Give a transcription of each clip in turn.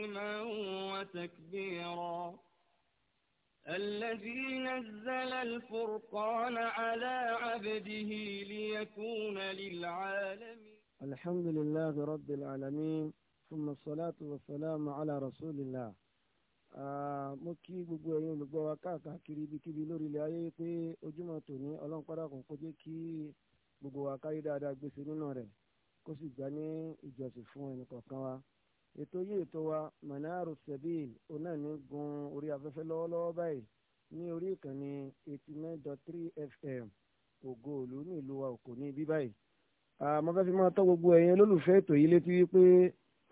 تسليما وتكبيرا الذي نزل الفرقان على عبده ليكون للعالمين الحمد لله رب العالمين ثم الصلاة والسلام على رسول الله موكي بوغو يي لوغو كا كيري بي لوري لا يي بي اوجومو توني اولون قرا كون كوجي كي كوسي جاني اجوسي فون ان ètò yìí ètò wa manaru sabil ọ̀nà ní gun orí afẹ́fẹ́ lọ́wọ́lọ́wọ́ báyìí ní orí ìkànnì eighty nine dot three fm ògo òlu ní ìlú wa òkò ní ibí báyìí. àmọ́ fẹ́ fi máa tọ́ gbogbo ẹ̀yin olólùfẹ́ ètò yìí létí wípé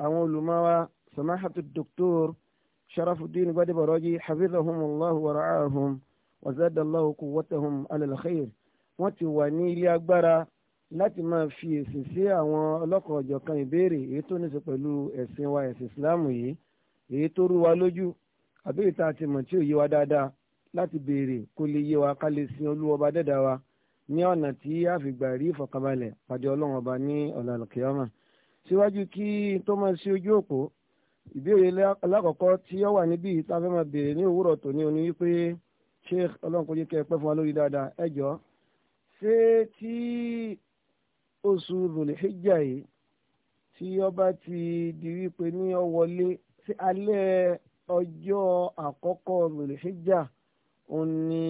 àwọn olùmọ̀wá samahatu doctor sharafuddin gbadebọ̀rọ̀jì hafizahumullahu wa ra'ahum wa zadallahu quwwatahum wọ́n ti wà ní ilé agbára láti máa fi èsì sí àwọn ọlọ́kọ̀ ọ̀jọ̀kan ìbéèrè èyí tó ní ṣe pẹ̀lú ẹ̀sìn wa ẹ̀sìn ìsìláàmù yìí èyí tó rú wa lójú àbí ìta àti mọ̀ tí ò yé wa dáadáa láti béèrè kó lè yé wa ká lè sin olúwọba dẹ́dá wa ní ọ̀nà tí a fi gbà rí ìfọ̀kànbalẹ̀ pàdé ọlọ́run ọba ní ọ̀nà àlùkìyámà síwájú kí tó máa sí ojú òpó ìbéèrè alákọ̀ọ́kọ́ tí ó wà níbí tá a fẹ́ máa béèrè ní òwúrọ̀ tòní oní wípé sheikh ọlọ́run kò yẹ kẹ́ ẹ pẹ́ fún wa lórí dáadáa ẹ jọ ṣé tí oṣù Dhul-Hijja yìí tí ọba ti di wípé ní ó wọlé sí alẹ́ ọjọ́ àkọ́kọ́ Dhul-Hijja òun ni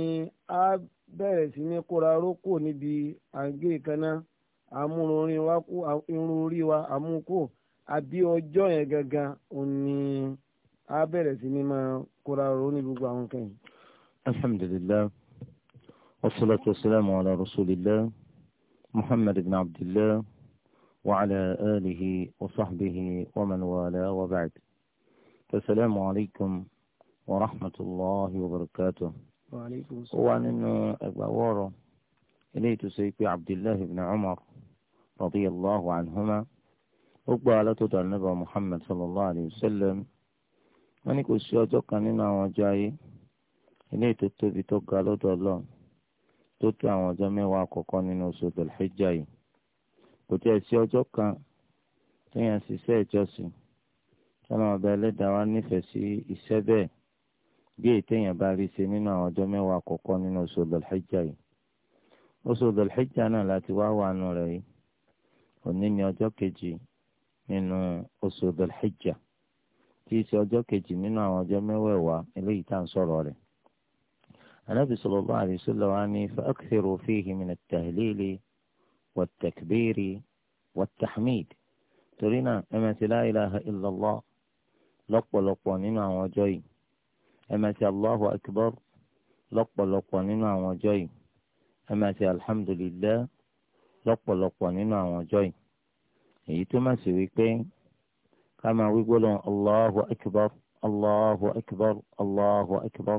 a bẹ̀rẹ̀ sí ní kóra rókò níbi àgé kaná àmúrorin wa kú irun orí wa àmúkò àbí ọjọ́ yẹn gangan òun ni a bẹ̀rẹ̀ sí ní máa kóra ró ní gbogbo àwọn kẹ́yìn. alhamdulillah wassalatu wassalamu ala rasulillah. محمد بن عبد الله وعلى آله وصحبه ومن والاه وبعد فالسلام عليكم ورحمة الله وبركاته وعليكم السلام وعن أبواره إليت سيكي عبد الله بن عمر رضي الله عنهما أقبالة النبي محمد صلى الله عليه وسلم ونكو السيادة كان نوع جاي إليت التوبي توقع الله tó tó àwọn ọjọ́ mẹ́wàá àkọ́kọ́ nínú oṣù dọ̀lẹ́jà yìí kò tí ẹ̀ sí ọjọ́ kan téèyàn ṣiṣẹ́ ìjọsìn tọ́lá ọba ẹlẹ́dàá wa nífẹ̀ẹ́ sí iṣẹ́ bẹ́ẹ̀ bí ètéèyàn bá rí ṣe nínú àwọn ọjọ́ mẹ́wàá àkọ́kọ́ nínú oṣù dọ̀lẹ́jà yìí oṣù dọ̀lẹ́jà náà láti wá wà nù rẹ̀ yìí òní ni ọjọ́ kejì nínú oṣù dọ̀lẹ́jà ṣe ọjọ́ kejì nínú àwọn النبي صلى الله عليه وسلم عني فأكثروا فيه من التهليل والتكبير والتحميد ترينا أما لا إله إلا الله لقب لقب نمع وجي أما الله أكبر لقب لقب نمع وجي أما الحمد لله لقب لقب نمع وجي يتما إيه سويكين كما ويقولون الله أكبر الله أكبر الله أكبر, الله أكبر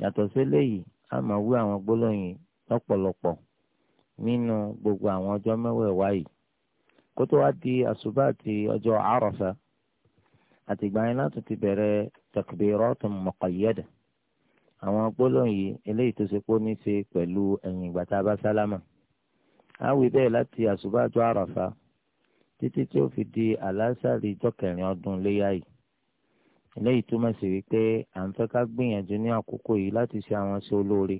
yàtọ̀ sí eléyìí a máa wí àwọn gbólóyìn lọ́pọ̀lọpọ̀ nínú gbogbo àwọn ọjọ́ mẹ́wẹ̀ẹ̀wá yìí kó tó wá di àṣùbà àti ọjọ́ àrọ̀fà àtìgbà yẹn láti ti bẹ̀rẹ̀ takbiratun muqayyada àwọn gbólóyìn eléyìí tó ṣe pé ó ní ṣe pẹ̀lú ẹ̀yìn ìgbà tá a bá sálámà á wí bẹ́ẹ̀ láti àṣùbà àjọ àrọ̀fà títí tí ó fi di àlásàrì ìjọ kẹrin ọdún léyà yìí eléyìí túmọ̀ sí wípé à ń fẹ́ ká gbìyànjú ní àkókò yìí láti ṣe àwọn ṣe olóore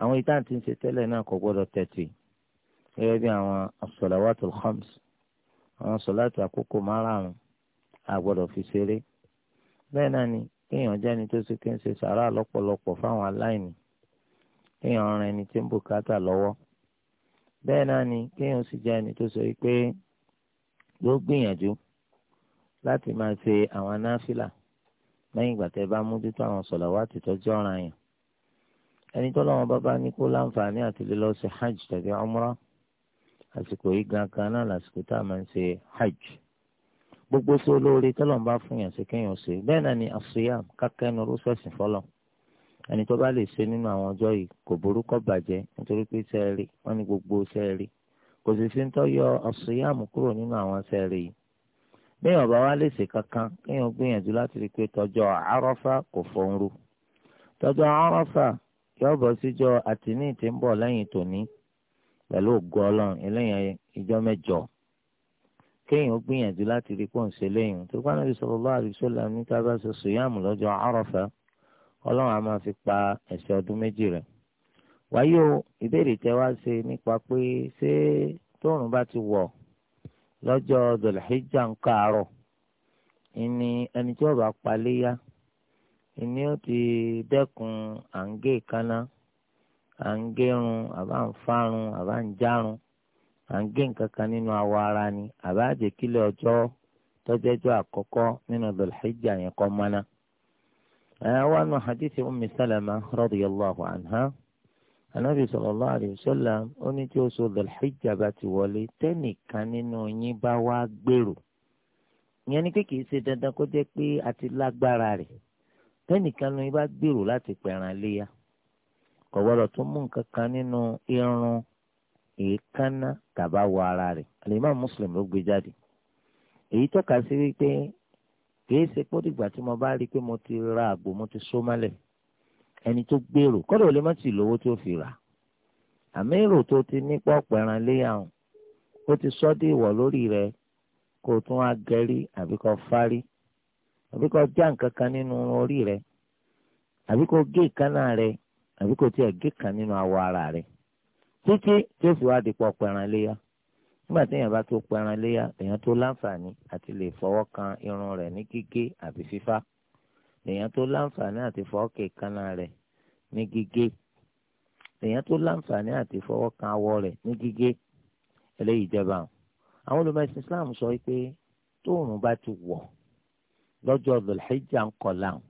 àwọn ìtàn tí ń ṣe tẹ́lẹ̀ náà kò gbọ́dọ̀ tẹ̀tì gẹ́gẹ́ bí àwọn as-salawatul khams àwọn sọ̀láàtì àkókò márààrún a fi ṣeré bẹ́ẹ̀ náà ni kéèyàn jẹ́ni tó ṣe kí ń ṣe sàrà lọ́pọ̀lọpọ̀ fáwọn aláìní kéèyàn ran ẹni tí ń bùkátà lọ́wọ́ bẹ́ẹ̀ náà ni kéèyàn sì jẹ́ ẹni tó ṣe wípé yóò gbìyànjú láti máa ṣe àwọn anáfìlà lẹ́yìn ìgbà tẹ́ bá mójútó àwọn sọ̀làwátì tọ́jú ọ̀ràn yẹn ẹni tó lọ́wọ́ bá bá ní kó láǹfààní àti lílọ sí hajj tàbí umrah àsìkò yìí gangan náà lásìkò tá a máa ń ṣe hajj gbogbo sí olóore tọ́lọ̀ ń bá fún yàn sí kéèyàn ṣe bẹ́ẹ̀ náà ni àṣeyà kákẹ́nu rúṣẹ̀sì fọlọ́ ẹni tó bá lè ṣe nínú àwọn ọjọ́ yìí kò burúkọ bàjẹ́ nítorí pé sẹ́ẹ̀rì wọ́n ní gbogbo sẹ́ẹ̀rì kò sì sí ń tọ́ yọ àṣeyà mú kúrò nínú àwọn sẹ́ẹ̀rì yìí bẹ́ẹ̀ ọ̀bá wa lè ṣe kankan kéèyàn gbìyànjú láti rí i pé tọjọ́ àárọ̀fà kò fọ́nrú tọjọ́ àárọ̀fà yóò bọ́ síjọ́ àtìní tí ń bọ̀ lẹ́yìn tòní pẹ̀lú ògo ọlọ́run eléyàn ìjọ mẹ́jọ kéèyàn gbìyànjú láti rí i pé òun ṣe léyìn tó bá nàbí sallallahu alaihi wasallam ní tá ṣe sùyàmù lọ́jọ́ àárọ̀fà ọlọ́run á máa fi pa ẹ̀ṣẹ̀ ọdún méjì rẹ̀ wáyé o ìbéèrè tẹ wá ṣe nípa pé ṣé tóòrùn bá ti wọ̀ lọ́jọ́ dọ̀làhíjà ń kàárọ̀ ìní ẹni tí ọba paléyà ìní ó ti dẹ́kun à ń gé ìkánná à ń gérun àbá ń fárun àbá ń járun à ń gé nǹkan kan nínú awọ ara ni àbá àjẹkílẹ̀ ọjọ́ tọ́jọ́jọ́ àkọ́kọ́ nínú dọ̀làhíjà yẹn kọ́ mọ́ná. ẹ̀ wá nù hadith ummi salama radiyallahu anha anabi sallallahu alaihi wasallam ó ní tí oṣù Dhul-Hijja bá ti wọlé tẹ́nìkan nínú yín bá wá gbèrò ìyẹn ni pé kì í ṣe dandan kó jẹ́ pé a ti lágbára rẹ̀ tẹ́nìkan nínú yín bá gbèrò láti pẹ̀ràn léya kò gbọ́dọ̀ tún mú nǹkan kan nínú irun èékánná tàbá wọ ara rẹ̀ àlèmọ́ Muslim ló gbé jáde èyí tọ́ka sí wípé kì ṣe pé tí mo bá rí i pé mo ti ra àgbo mo ti só mọ́lẹ̀ ẹni tó gbèrò kọ́dọ̀ lè má sì lówó tó fi rà àmì èrò tó ti ní pọ́pọ́ ẹran léyàwó ó ti sọ́ dé ìwọ̀ lórí rẹ kó o tún á gẹrí àbí kó fárí àbí kó já nǹkan kan nínú orí rẹ àbí kó gé ìkánná rẹ àbí kó tiẹ̀ gé kan nínú awọ ara rẹ títí tí fi wá di pọ́pọ́ ẹran léyà nígbà tí èèyàn bá tó pẹran léyà èèyàn tó láǹfààní àti lè fọwọ́ kan irun rẹ̀ ní gígé àbí fífá lèèyàn tó láǹfààní àti fọ́ọ̀kì kaná rẹ̀ ní gígé lèèyàn tó láǹfààní àti fọwọ́ kan awọ rẹ̀ ní gígé eléyìí jẹba o àwọn olùmọ̀ẹ́sìn Islam sọ pé tóòrùn bá ti wọ̀ lọ́jọ́ lọ́lẹ́jà ń kọ̀ láwọn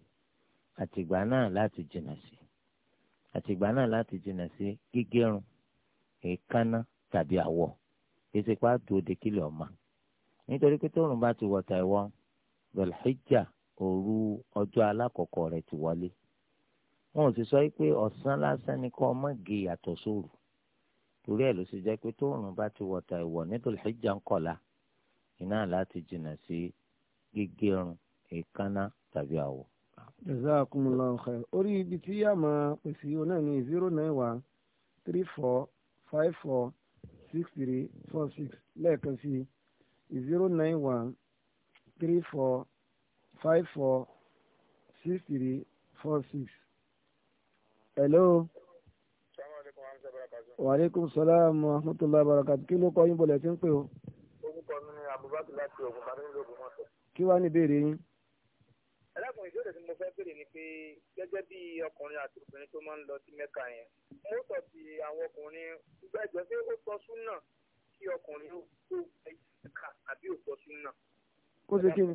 àtìgbà náà láti jìnnà sí àtìgbà náà láti jìnnà sí gígérun èékánná tàbí àwọ̀ èsì dòde kílẹ̀ ọ̀ma nítorí pé tóòrùn bá ti wọ̀ tàìwọ́ lọ́lẹ́jà òru ọjọ́ alákọ̀ọ́kọ́ rẹ̀ ti wọlé wọn ò sì sọ pé ọ̀sán lásán ni kọ́ ọmọ gé yàtọ̀ sóòrù torí ẹ̀ ló sì jẹ́ pé tóòrùn bá ti wọ̀ta ìwọ̀ nítorí ìjà ń kọ̀la iná láti jìnnà sí gígérun èékánná tàbí àwọ̀. jazakumullahu khair orí ibi tí yá máa pèsè ọ náà ní zero nine one three four five four six three four six lẹ́ẹ̀kan sí zero nine one three four five four six three four six. hello. wàleykum salaam wa rahmatulah barakat kí ló kọ́ yín bọ̀lẹ̀ tí ń pè o. orúkọ mi ni abubakar láti ogun marinlo ogun mọ́tò. kí wàá ní ìbéèrè yín. ẹlẹ́kùnrin ìjọ́rẹ̀ tí mo fẹ́ béèrè ni pé gẹ́gẹ́ bí ọkùnrin àti obìnrin tó máa ń lọ sí mẹ́ka yẹn mo sọ ti àwọn ọkùnrin gbẹ́jọ́ pé ó sọ súnà kí ọkùnrin ó tó ẹ̀ka àbí ó sọ súnà. kó ṣe kí ni.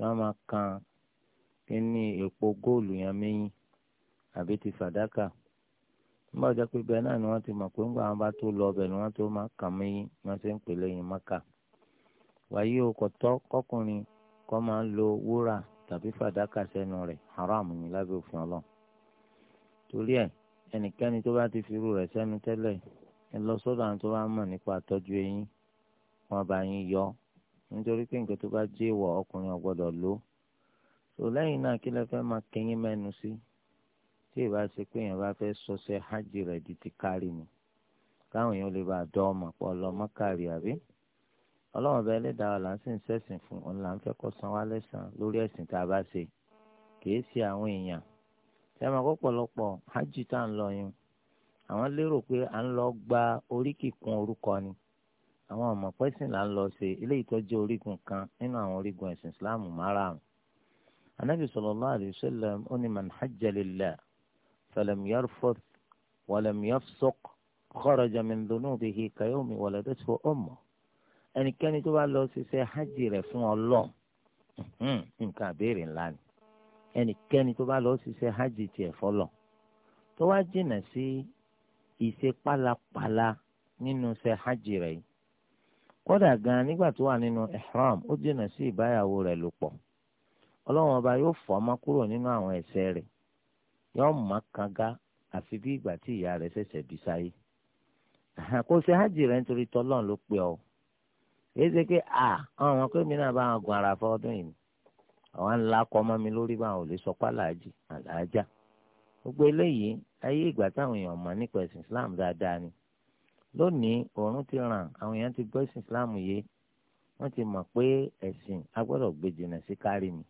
wọ́n á máa kan kíní èpo góòlù yẹn mẹ́yìn àbí ti fàdákà nígbà tó jẹ́ pé bẹ́ẹ̀ náà ni wọ́n ti mọ̀ pé ńgbà wọn bá tó lọ ọbẹ̀ ni wọ́n tó máa kàn mẹ́yìn wọ́n ti ń pè lẹ́yìn mọ́kà wàyí o kò tọ́ kọkùnrin kó máa ń lo wúrà tàbí fàdákà sẹ́nu rẹ̀ haram ni lábẹ́ òfin ọlọ́run torí ẹ̀ ẹnikẹ́ni tó bá ti fi irú rẹ̀ sẹ́nu tẹ́lẹ̀ ẹ lọ sọ́dọ̀ àwọn tó bá mọ̀ nípa àtọ́jú eyín wọ́n bá yín yọ nítorí pé nǹkan tó bá jẹ́ ìwọ ọkùnrin ọ̀gbọ́dọ̀ lò ó tó lẹ́yìn náà kí lẹ fẹ́ máa kẹyìn mẹ́nu sí tí ìbá ṣe pé èèyàn bá fẹ́ sọ́sẹ́ hajj rẹ̀ di ti kárí ni káwọn èèyàn lè bá a dán ọmọ pọ̀ lọ mọ́kàrí àbí ọlọ́run bẹ́ẹ̀ lẹ́dàá wa là ń sìn sẹ́sìn fún òun là ń fẹ́ kó san wá lẹ́sàn lórí ẹ̀sìn tá a bá ṣe kìí ṣe àwọn èèyàn ṣé máa pọ̀pọ̀lọpọ̀ hajj tá à ń lọ yun àwọn lérò pé à ń lọ gba oríkì orúkọ ni àwọn ọmọ pẹ́sìn là ń lọ ṣe eléyìí tó jẹ́ orígun kan nínú àwọn orígun ẹ̀sìn islam márààrún anabi sallallahu alayhi wa sallam ó ní man hajja lillah falam yarfuth walam yafsuq kharaja min dhunubihi kayawmi waladathu ummuh ẹnikẹ́ni tó bá lọ ṣiṣẹ́ hajj rẹ̀ fún Ọlọ́run nǹkan àbèrè ńlá ni ẹnikẹ́ni tó bá lọ ṣiṣẹ́ hajj tiẹ̀ fọlọ̀ tó wá jìnnà sí ìṣe pálapàla nínú ṣe hajj rẹ̀ yìí kódà gan nígbà tó wà nínú ihram ó jìnnà sí ìbáyàwó rẹ̀ lò pọ̀ ọlọ́run ọba yóò fọ́ ọmọ kúrò nínú àwọn ẹsẹ̀ rẹ̀ yóò mọ kanga àfi bí ìgbà tí ìyá rẹ̀ ṣẹ̀ṣẹ̀ bí sáyé pe ọ. èyí ṣe pé bá wọn gun ara yìí àwọn ńlá mi lórí bá wọn ò lè sọ pé aláàjì aláàjà gbogbo eléyìí ayé èèyàn mọ̀ nípa lónìí oòrùn ti ràn àwọn èèyàn ti gbọ́ ẹ̀sìn islam yé wọ́n ti mọ̀ pé ẹ̀sìn a gbọ́dọ̀ gbé jìnnà sí kárí mi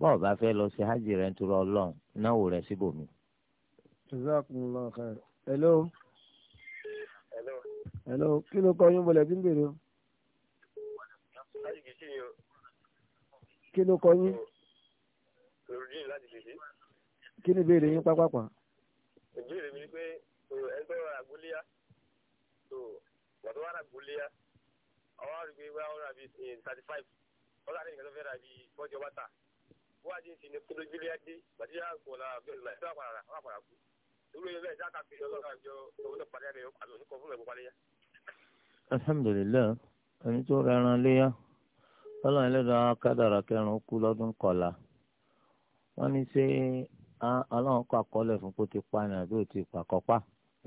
bọ́ọ̀ bá fẹ́ lọ sí hajj rẹ̀ ń turọ̀ ọlọ́run náwó rẹ̀ síbòmí. jazakumullahu hello. hello. hello kí ló kọ́ yín bọ̀lẹ̀ tí ń bèrè o. kí ló kọ́ yín. kí ni ìbéèrè yín pápákọ̀. ìbéèrè mi ni pé ẹgbẹ́ àgbóléyà. so wọ́n tó wà náà gúnlé ọwọ́ rí pé wọ́n rà thirty five wọ́n rà ní nǹkan fọ́jọ́ wáta wọ́n àti ìsìn ní kúndó júlé yá bàtí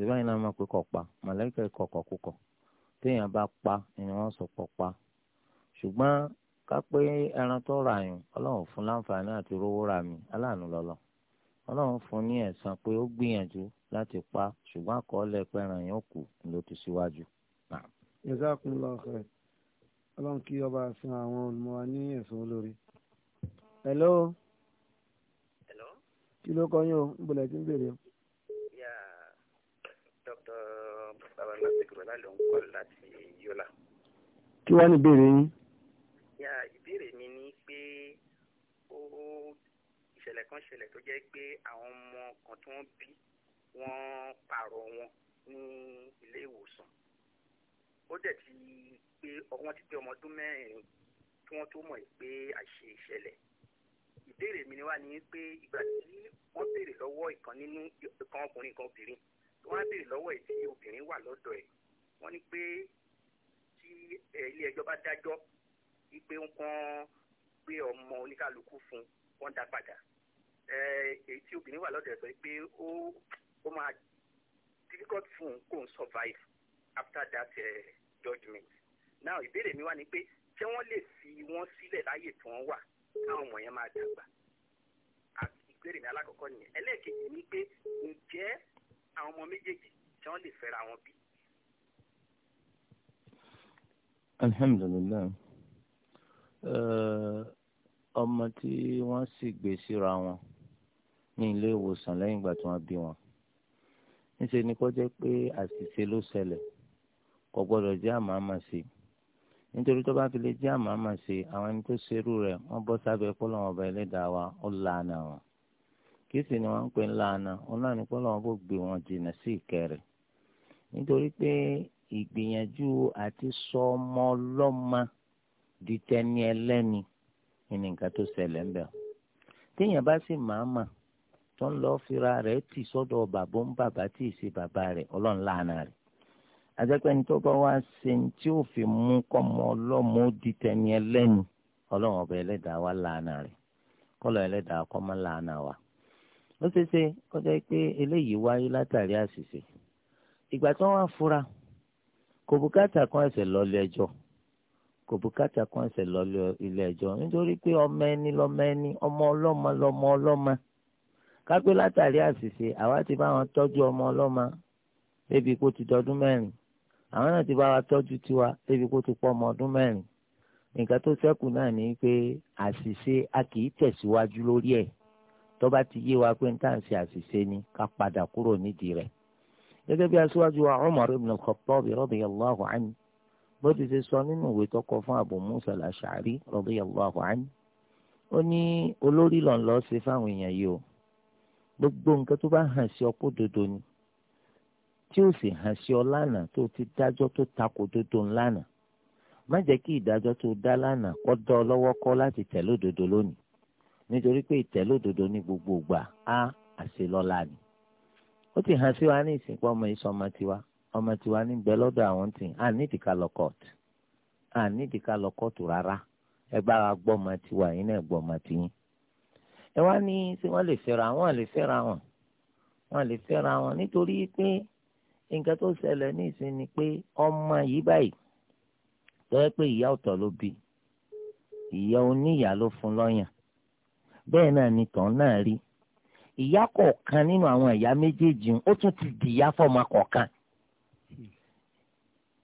ìbáyìí náà máa pe kọ̀ pa màlẹ́kà téèyàn bá pa ni wọ́n sọ pọ̀ pa ṣùgbọ́n ká pé ẹran tó rà yùn ọlọ́run fún láǹfààní àti rówó rà mí aláàánú lọ́lọ́ ọlọ́run fún ní pé ó gbìyànjú láti pa ṣùgbọ́n àkọọ́lẹ̀ pẹ́ran yẹn kù ló ti síwájú. ọlọ́run kí ọba san àwọn olùmọ̀ wa ní kí ló kọ́ yín o Abíọ́lá ló ń kọ́ láti Yọ́lá. kí wàá ní ìbéèrè yín. ya ìbéèrè mi ni pé ó ìṣẹ̀lẹ̀ kan ṣẹlẹ̀ tó jẹ́ pé àwọn ọmọ kan tí wọ́n bí wọ́n pààrọ̀ wọn ní ilé ìwòsàn ó dẹ̀ ti pé ọwọ́n ti pé ọmọ ọdún mẹ́rin kí wọ́n tó mọ̀ pé àṣe ìṣẹ̀lẹ̀ ìbéèrè mi ni wá ní pé ìgbà tí wọ́n béèrè lọ́wọ́ ìkan nínú ìkan ọkùnrin kan obìnrin wọ́n á béèrè lọ́wọ́ èyí tí obìnrin wà lọ́dọ̀ ẹ̀ wọ́n ní pé tí eh, ilé ẹjọ́ bá dájọ́ wípé ń kàn gbé ọmọ oníkàlùkù fún wọ́n dá padà eh, èyí tí obìnrin wà lọ́dọ̀ ẹ̀ sọ pé ó ó máa difficult fún un kó n survive after that uh, eh, judgement now ìbéèrè mi wá ni pé ṣé wọ́n lè fi wọ́n sílẹ̀ láàyè tí wọ́n wà káwọn ọmọ yẹn máa dàgbà àti ìbéèrè mi alákọ̀ọ́kọ́ nìyẹn ẹlẹ́ẹ̀kejì ni pé ǹjẹ́ àwọn ọmọ méjèèjì ṣé wọ́n lè fẹ́ra wọn bí alhamdulilayi ọmọ tí wọ́n sì gbé síra wọn ní ilé ìwòsàn lẹ́yìn ìgbà tí wọ́n bí wọn níṣẹ ni kó jẹ́ pé àṣìṣe ló ṣẹlẹ̀ kò gbọ́dọ̀ jẹ́ àmàmà sí nítorí tó bá fi lè jẹ́ àmàmà sí àwọn ẹni tó ṣerú rẹ̀ wọ́n bọ́ sábẹ́ pọlọmọ ọba ẹlẹ́dàá wa ó lànà wọn kí sì ni wọ́n ń pè ńlànà òun náà ni pọlọmọ bó gbé wọn jìnnà sí ìkẹrẹ nítorí pé ìgbìyànjú àti sọ ọmọ ọlọ́mọ di tẹni ẹlẹ́ni ní nǹkan tó ṣẹlẹ̀ ń bẹ̀. téèyàn bá sì máa mà tó ń lọ fira rẹ̀ tì sọ́dọ̀ bàbá ń bàbá tì í ṣe bàbá rẹ̀ ọlọ́run láàánà rẹ̀. àjẹpẹ́ni tó bá wá ṣe tí ó fi mú kọ́mọ ọlọ́mọ di tẹni ẹlẹ́ni ọlọ́run ọba ẹlẹ́dàá wa láàánà rẹ̀ kọ́lọ̀ ẹlẹ́dàá kọ́ láàánà wa. ó ṣeé ṣe kọjá pé eléyìí wáyé látàrí àṣìṣe ìgbà wá fura kò bùkátà kan ẹsẹ̀ lọ́lé ẹjọ́ kò bùkátà kan ẹsẹ̀ lọ́lé ilé ẹjọ́ nítorí pé ọmọ ẹni lọ́mọ ẹni ọmọ ọlọ́mọ lọ́mọ ọlọ́mọ kápẹ́ látàrí àṣìṣe àwa ti bá wọn tọ́jú ọmọ ọlọ́mọ débi kó ti dọdún mẹ́rin àwọn náà ti bá wa tọ́jú tiwa débi kó ti pọ̀ ọmọ ọdún mẹ́rin nǹkan tó ṣẹ́kù náà ni pé àṣìṣe a kì í tẹ̀síwájú lórí ẹ̀ tó bá ti yé wa pé ń tà ṣe àṣìṣe ni ká padà kúrò nídìí rẹ̀ gẹ́gẹ́ bí aṣíwájú wa Umar ibn al-Khattab radiyallahu anhu bó ti ṣe sọ nínú ìwé tó kọ fún Abu Musa al-Ash'ari radiyallahu anhu ó ní olórí lọ́n lọ́ọ́ ṣe fáwọn èèyàn yìí o gbogbo nǹkan tó bá hàn sí ọpọ́ dodo ni tí ó sì hàn sí ọ lánàá tó ti dájọ́ tó takò dodo lánàá má jẹ́ kí ìdájọ́ tó dá lánàá kó dọ́ lọ́wọ́ kọ́ láti tẹ̀lé lónìí nítorí pé ìtẹ̀lé òdodo gbogbo ìgbà á àṣelọ́lá ni ó ti hàn sí wa ní ìsìnkú ọmọ yìí sọ ọmọ tiwa ọmọ tiwa ní bẹ lọ́dọ̀ àwọn tì à nídìí ká lọ kóòtù à nídìí ká lọ kóòtù rárá ẹ bá wa gbọ́ ọmọ tiwa yìí náà gbọ́ ọmọ tiyín. ẹ wá ní tí wọ́n lè fẹ́ra wọn lè fẹ́ra wọn wọn lè fẹ́ra wọn nítorí pé nǹkan tó ṣẹlẹ̀ ní ìsìn ni pé ọmọ yìí báyìí tọ́wọ́ pé ìyá ọ̀tọ̀ ló bí ìyá oníyà ló fún lọ́yàn bẹ́ẹ̀ náà ni tàn náà rí ìyá kọ̀ọ̀kan nínú àwọn ìyá méjèèjì ó tún ti dìyá fọ́mọ kọ̀ọ̀kan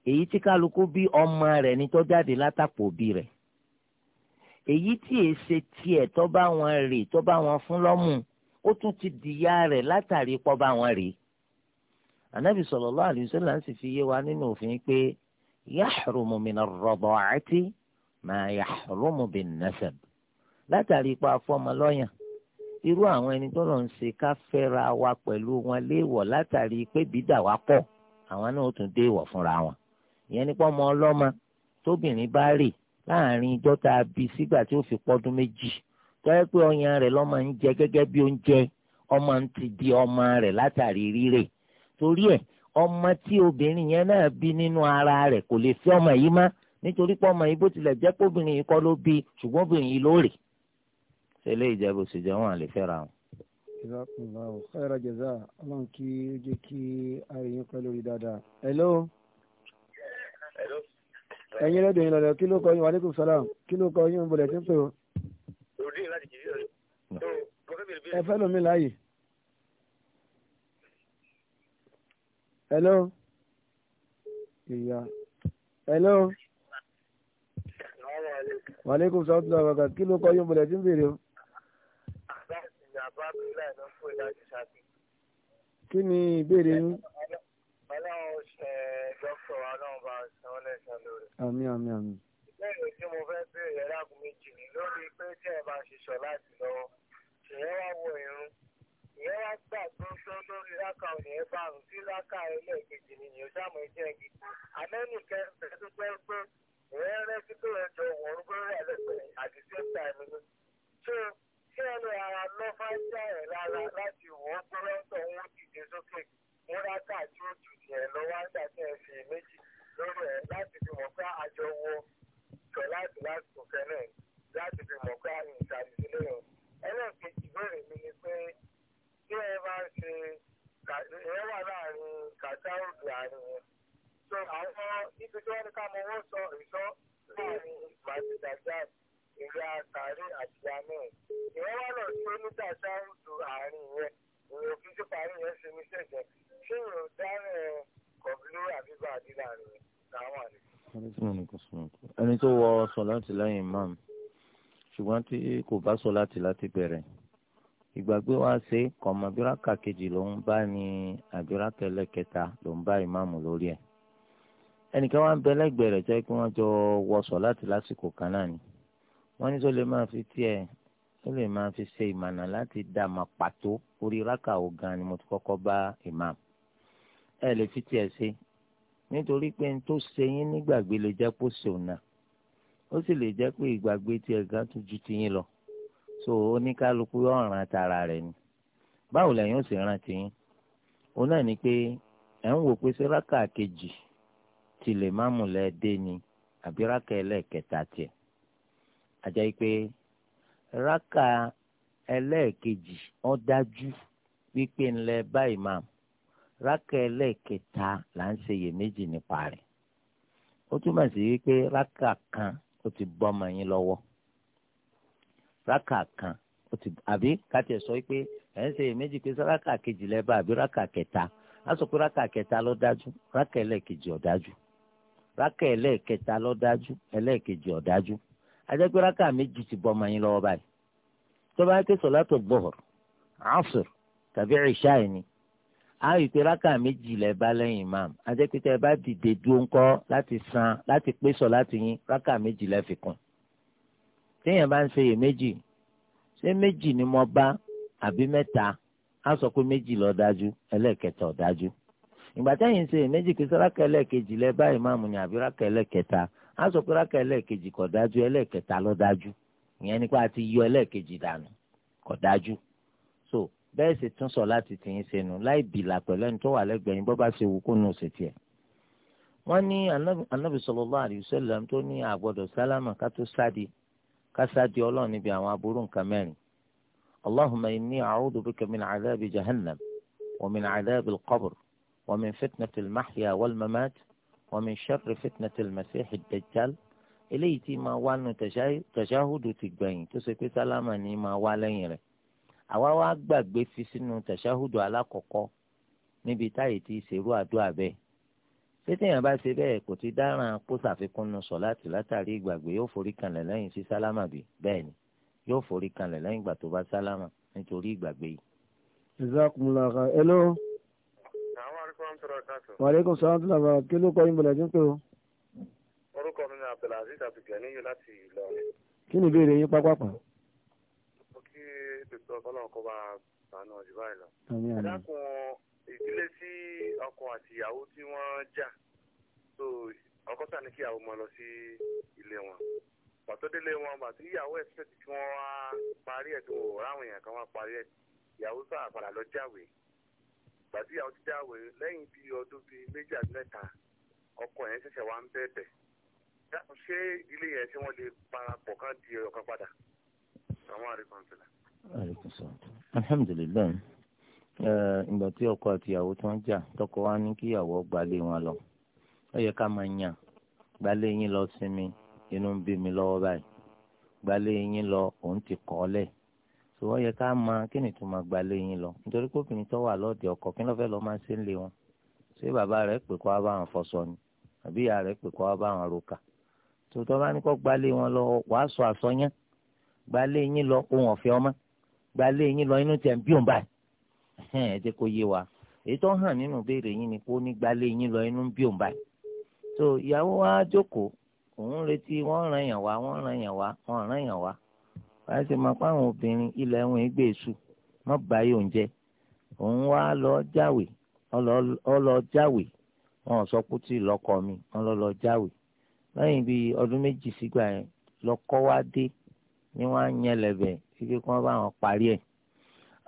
èyí tí kálukú bí ọmọ rẹ̀ ní tó jáde látàpọ̀ òbí rẹ̀ èyí tí èé ṣe tiẹ̀ tó bá wọn rè tó bá wọn fún lọ́mú ó tún ti di dìyá rẹ̀ látàrí pọ́ bá wọn rè anabi sallallahu alaihi wasallam sì fi yé wa nínú òfin pé yahrumu mina ar-rada'ati ma yahrumu bin nasab látàrí pọ́ afọ́mọlọ́yàn irú àwọn ẹni tọ́lọ̀ ń ṣe ká fẹ́ra wa pẹ̀lú wọn léèwọ̀ látàrí pé bídà wa pọ̀ àwọn náà ó tún dé ìwọ̀ fúnra wọn ìyẹn nípa ọmọ ọlọ́mọ tóbìnrin bá rè láàrin ijọ́ tá a bí sígbà tí ó fi pọ́dún méjì tọ́yẹ́ pé ọyàn rẹ̀ lọ́mọ ń jẹ gẹ́gẹ́ bí oúnjẹ ọmọ ń ti di ọmọ rẹ̀ látàrí rírè torí ẹ̀ ọmọ tí obìnrin yẹn náà bí nínú ara rẹ̀ kò lè fi ọmọ yìí mọ́ nítorí pé ọmọ yìí bó tilẹ̀ jẹ́ pé obìnrin yìí kọ́ ló bí ṣùgbọ́n obìnrin yìí ló tẹlẹ ìjẹbù sì jẹ wọn àlè fẹ́ra wọn. jazakumullahu khairan jaza ọlọ́run kí ó jẹ́ kí àríyìn pẹ́ lórí dáadáa. hello. hello. ẹ̀yin lẹ́dùn yìí lọ́dọ̀ kí ló kọ yín wàlẹ́kùn sálàm kí ló kọ yín bọ̀lẹ̀ tí ń pè ó. Mm. ẹ fẹ́ lómi láàyè. hello. ìyá. hello. wàlẹ́kùn sọ́ọ́tù kí ló kọ yín bọ̀lẹ̀ tí ń bèrè ó bàbá abdullahi ló fún ìdájọ́ ṣáàbì. kí ni ìbéèrè yín. ọlọ́run ṣe dókítà ọlọ́run bá san lẹ́sàn lórí. àmín àmín àmín. ìbéèrè tí mo fẹ́ béèrè ẹ̀rọ méjì ni lórí pé tí ẹ bá ṣiṣọ́ láti lọ́wọ́ ìyẹn wá wọ irun ìyẹn wá gbà tó tó lórí láka ònìyẹn bá rùn sí láka ẹlẹ́ẹ̀kejì ni ìyẹn sáàmù ẹ̀jẹ̀ ẹ̀gì. àmẹ́nì kẹfẹ́ tó pé ìyẹn rẹ́ kí ara lọ́fà já lára láti wò ó pé lọ́sọ̀ dìde sókè wọn tí ó jù tiẹ̀ lọ wá nígbà tí ẹ fi méjì lórí ẹ̀ láti fi mọ̀ pé àjọ wo sọ láti lásìkò kẹ́nẹ̀ láti fi mọ̀ pé àrùn ìsàlùsílẹ̀ ọ̀ ẹlẹ́ẹ̀kejì lórí mi ni pé tí ẹ bá ń ṣe ìyẹn wà láàrin kàtàrùdù àárín yẹn so àwọn ibi tí wọ́n ní ká mọ owó sọ ìsọ́ láàrin ìgbà tí ìyá kàrí àti ìyá náà ìyẹn wá lọ sí onídà sáàrùtù àárín yẹn ìyẹn òfin tó parí yẹn ṣe ní sẹ̀jẹ̀ ṣé ìyẹn dára kọ̀bílú àbíbá àdílà rẹ̀ káwọn àlejò. ẹni tó wọ sọ láti lẹ́yìn imam ṣùgbọ́n tí kò bá sọ láti láti bẹ̀rẹ̀ ìgbàgbé wa ṣe kọ̀mọ̀ abiraka kejì ló ń bá ní abiraka ẹlẹ́kẹta ló ń bá ìmáàmù lórí ẹ̀ ẹnìkan wá ń bẹ lẹ́gbẹ̀ẹ́ jẹ́ kí wọ́n jọ wọṣọ̀ láti lásìkò kan náà ni wọ́n ní tó lè máa fi tiẹ̀ tó lè máa fi ṣe ìmọ̀nà láti dá àmà pàtó orí rákà gan ni mo ti kọ́kọ́ bá imam ẹ lè fi tiẹ̀ ṣe nítorí pé n tó ṣe yín nígbàgbé lè jẹ́ kó ṣe òun náà ó sì lè jẹ́ pé ìgbàgbé tiẹ̀ gan tó ju tiyín lọ so oníkálukú ọ̀ràn tara rẹ̀ ni báwo lẹ́yìn ó sì rántí yín òun náà ni pé ẹ̀ ń wò pé sẹ́ráka kejì ti lè dé ni àbí ráka ẹlẹ́ẹ̀kẹta tiẹ̀ àjẹ́ pé rákà ẹlẹ́ẹ̀kejì ó dájú wípé ńlẹ̀ báyìí máa Raka ẹlẹ́ẹ̀kẹta là ń ṣe iyèméjì nípa rẹ̀ ó túmọ̀ sí wípé raka kan ó ti bọ́mọ yín lọ́wọ́ Raka kan ó ti àbí káti sọ wípé ẹ̀ ń ṣe iyèméjì pé raka kejì lẹ́bàá àbí raka kẹta á raka kẹta ló dájú raka ẹlẹ́ẹ̀kejì dájú Raka ẹlẹ́ẹ̀kẹta ló dájú ẹlẹ́ẹ̀kejì dájú ajẹ́pẹ́ rákà méjì ti bọ́ ọmọ yín lọ́wọ́ báyìí tó bá ké sọ̀látò gbọ̀hùr asr tàbí ìṣáì ni a pé rákà méjì lẹ̀ bá lẹ́yìn imam ajẹ́pẹ́ tẹ́ ẹ bá dìde dúró ńkọ́ láti san láti pé sọ̀látò yín rákà méjì lẹ́ fi kún téèyàn bá ń ṣe yè méjì ṣé méjì ni mo bá àbí mẹ́ta á sọ pé méjì ló dájú ẹlẹ́ẹ̀kẹta ò dájú ìgbà tẹ́yìn ṣe yè méjì kí sọ́rákà ẹlẹ́ẹ̀kejì lẹ́ bá ìmáàmù ni àbí rákà ẹlẹ́ẹ̀kẹta á sọ pé rákà ẹlẹ́ẹ̀kejì kò dájú ẹlẹ́ẹ̀kẹta ló dájú ìyẹn nípa àti yọ ẹlẹ́ẹ̀kejì dànù kò dájú so bẹ́ẹ̀ sì tún sọ láti tìyín sẹ́nu láì bìlà pẹ̀lú ẹni tó wà lẹ́gbẹ̀ẹ́ yín bó bá ṣe wù kó nù sí tiẹ̀. wọ́n ní anabi sallallahu alaihi wasallam tó ní àgbọ̀dọ̀ sálámà ká tó sáde ká sáde ọlọ́run níbi àwọn aburú nǹkan mẹ́rin. allahumma inni a'udhu wa min sharri fitnatil masihi dajjal eléyìí tí máa wá nu tàṣáhùdù ti gbẹ̀yìn tó ṣe pé sálámà ni máa wá lẹ́yìn rẹ̀ àwa wá gbàgbé fi sínú tàṣáhùdù alákọ̀ọ́kọ́ níbi táyì tí ṣerú àdúrà bẹ́ẹ̀ sétèèyàn bá ṣe bẹ́ẹ̀ kò ti dáràn kó ṣàfikún nu sọ̀láàtì látàrí ìgbàgbé yóò forí kanlẹ̀ lẹ́yìn sí sálámà bí bẹ́ẹ̀ ni yóò forí kanlẹ̀ lẹ́yìn ìgbà tó bá sálámà nítorí ìgbàgbé yìí. ìzákùnlá hello wàlẹ́kùn sọ́wọ́n tó lọ́wọ́ kí ló kọ́ ìmọ̀lẹ̀ tó ń pè ó. orúkọ mi ni abdulaziz abdulgani yìí láti ìlọrin. kí ni ìbéèrè yín pápápá. mo kí pẹ̀tọ́ ọlọ́run kó bá sànù ọ̀jù báyìí lọ. ẹ dákun ìdílé tí ọkọ àti ìyàwó tí wọ́n jà tó ọkọ sàn ní kí ìyàwó mọ lọ sí ilé wọn pàtó wọn pàtó ìyàwó ẹ̀sìpẹ̀tì tí wọ́n wá parí ẹ̀ tó ráwọn èèyàn kan wá parí ẹ̀ ìyàwó sáà padà lọ jáwèé gbàtí àwọn ti dáwẹ̀ lẹ́yìn bíi ọdún bíi méjì àti mẹ́ta ọkọ yẹn ṣẹ̀ṣẹ̀ wá ń bẹ̀bẹ̀ dákun ṣé ilé yẹn ṣé wọ́n lè parapọ̀ ká di ọkàn padà àwọn àríkànṣẹ́lá. alhamdulilayi ìgbà tí ọkọ àti ìyàwó tí wọ́n jà tọkọ wa ní kí ìyàwó gbalé wọn lọ ó yẹ ká máa yàn gbalé yín lọ sinmi inú ń bí mi lọ́wọ́ báyìí gbalé yín lọ òun ti kọ́ ọ lẹ́ẹ̀ sọ wọ́n yẹ ká mọ kí ni tó máa gbalẹ̀ yín lọ nítorí pé obìnrin tó wà lọ́ọ̀dẹ ọkọ kí ló fẹ́ lọ́ọ́ máa ṣe ń lé wọn ṣé bàbá rẹ̀ pè kó wá wọn fọṣọ ni àbí ìyá rẹ̀ pè kó wá bá wọn roka tòótọ́ bá ní kó gbalẹ̀ wọn lọ wàá sọ àsọyán gbalẹ̀ yín lọ ohun ọ̀fẹ́ ọmọ gbalẹ̀ yín lọ inú tiẹ̀ ń bí òun báyìí ẹ jẹ́ kó yé wa èyí tó hàn nínú béèrè yín ni pé ní gbalẹ̀ yín lọ inú bí òun báyìí tó ìyàwó wa jókòó òun retí wọ́n ràn yàn wá wọ́n ràn yàn wá wọ́n ràn yàn wá báyìí ṣe máa pa àwọn obìnrin ilẹ̀ wọn gbé èṣù má báyìí oúnjẹ òun wá lọ jáwèé ọlọ jáwèé wọn ò sọ pé tí lọkọ mi wọn lọ lọ jáwèé lẹ́yìn bíi ọdún méjì sígbà yẹn lọkọ wá dé ni wọ́n á yẹn lẹ̀bẹ̀ kíkẹ́ kí wọ́n bá wọn parí ẹ̀.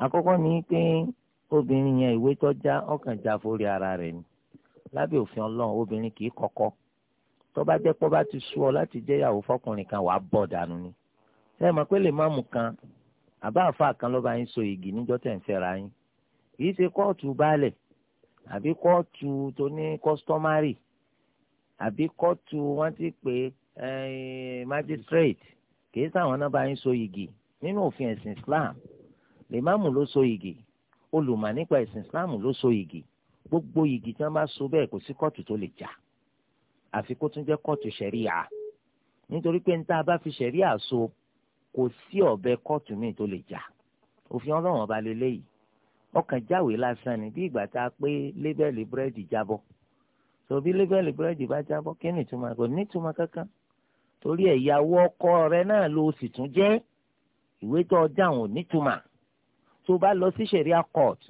àkọ́kọ́ ni pé obìnrin yẹn ìwé tọ́já ọkàn já forí ara rẹ̀ ni lábẹ́ òfin ọlọ́run obìnrin kì í kọ́kọ́ tó bá jẹ́ bá ti sú ọ láti jẹ́ ìyàwó fọkùnrin kan wàá bọ̀ dànù ni ṣé ẹ mọ̀ pé lè má mú kan àbá àfa kan ló bá yín so igi níjọ́ tẹ̀ ń fẹ́ra yín kì í ṣe kóòtù baálẹ̀ àbí kóòtù tó ní kọ́sítọ́márì àbí kóòtù wọ́n ti pè é májísírèètì kì í sáwọn náà bá yín so igi nínú òfin ẹ̀sìn Islam lèmáàmù ló so igi olùmọ̀ nípa ẹ̀sìn Islam ló so igi gbogbo igi tí wọ́n bá so bẹ́ẹ̀ kò sí kóòtù tó lè jà àfi kó tún jẹ́ kóòtù ṣẹ̀ríà nítorí pé ní tá a bá fi ṣẹ̀ríà so kò sí ọ̀bẹ kóòtù míì tó lè jà òfin ọlọ́run ọba lélẹ́yìí ọkàn jáwèé lásán ni bí ìgbà tá a pé lébẹ́lì búrẹ́dì jábọ́ tòbí lébẹ́lì búrẹ́dì bá jábọ́ kí ni ìtumọ̀ kò ní ìtumọ̀ kankan torí ẹ̀yàwó ọkọ rẹ náà ló sì tún jẹ́ ìwé tó ọjà òun nítumọ̀ tó bá lọ sí sẹ̀ríà court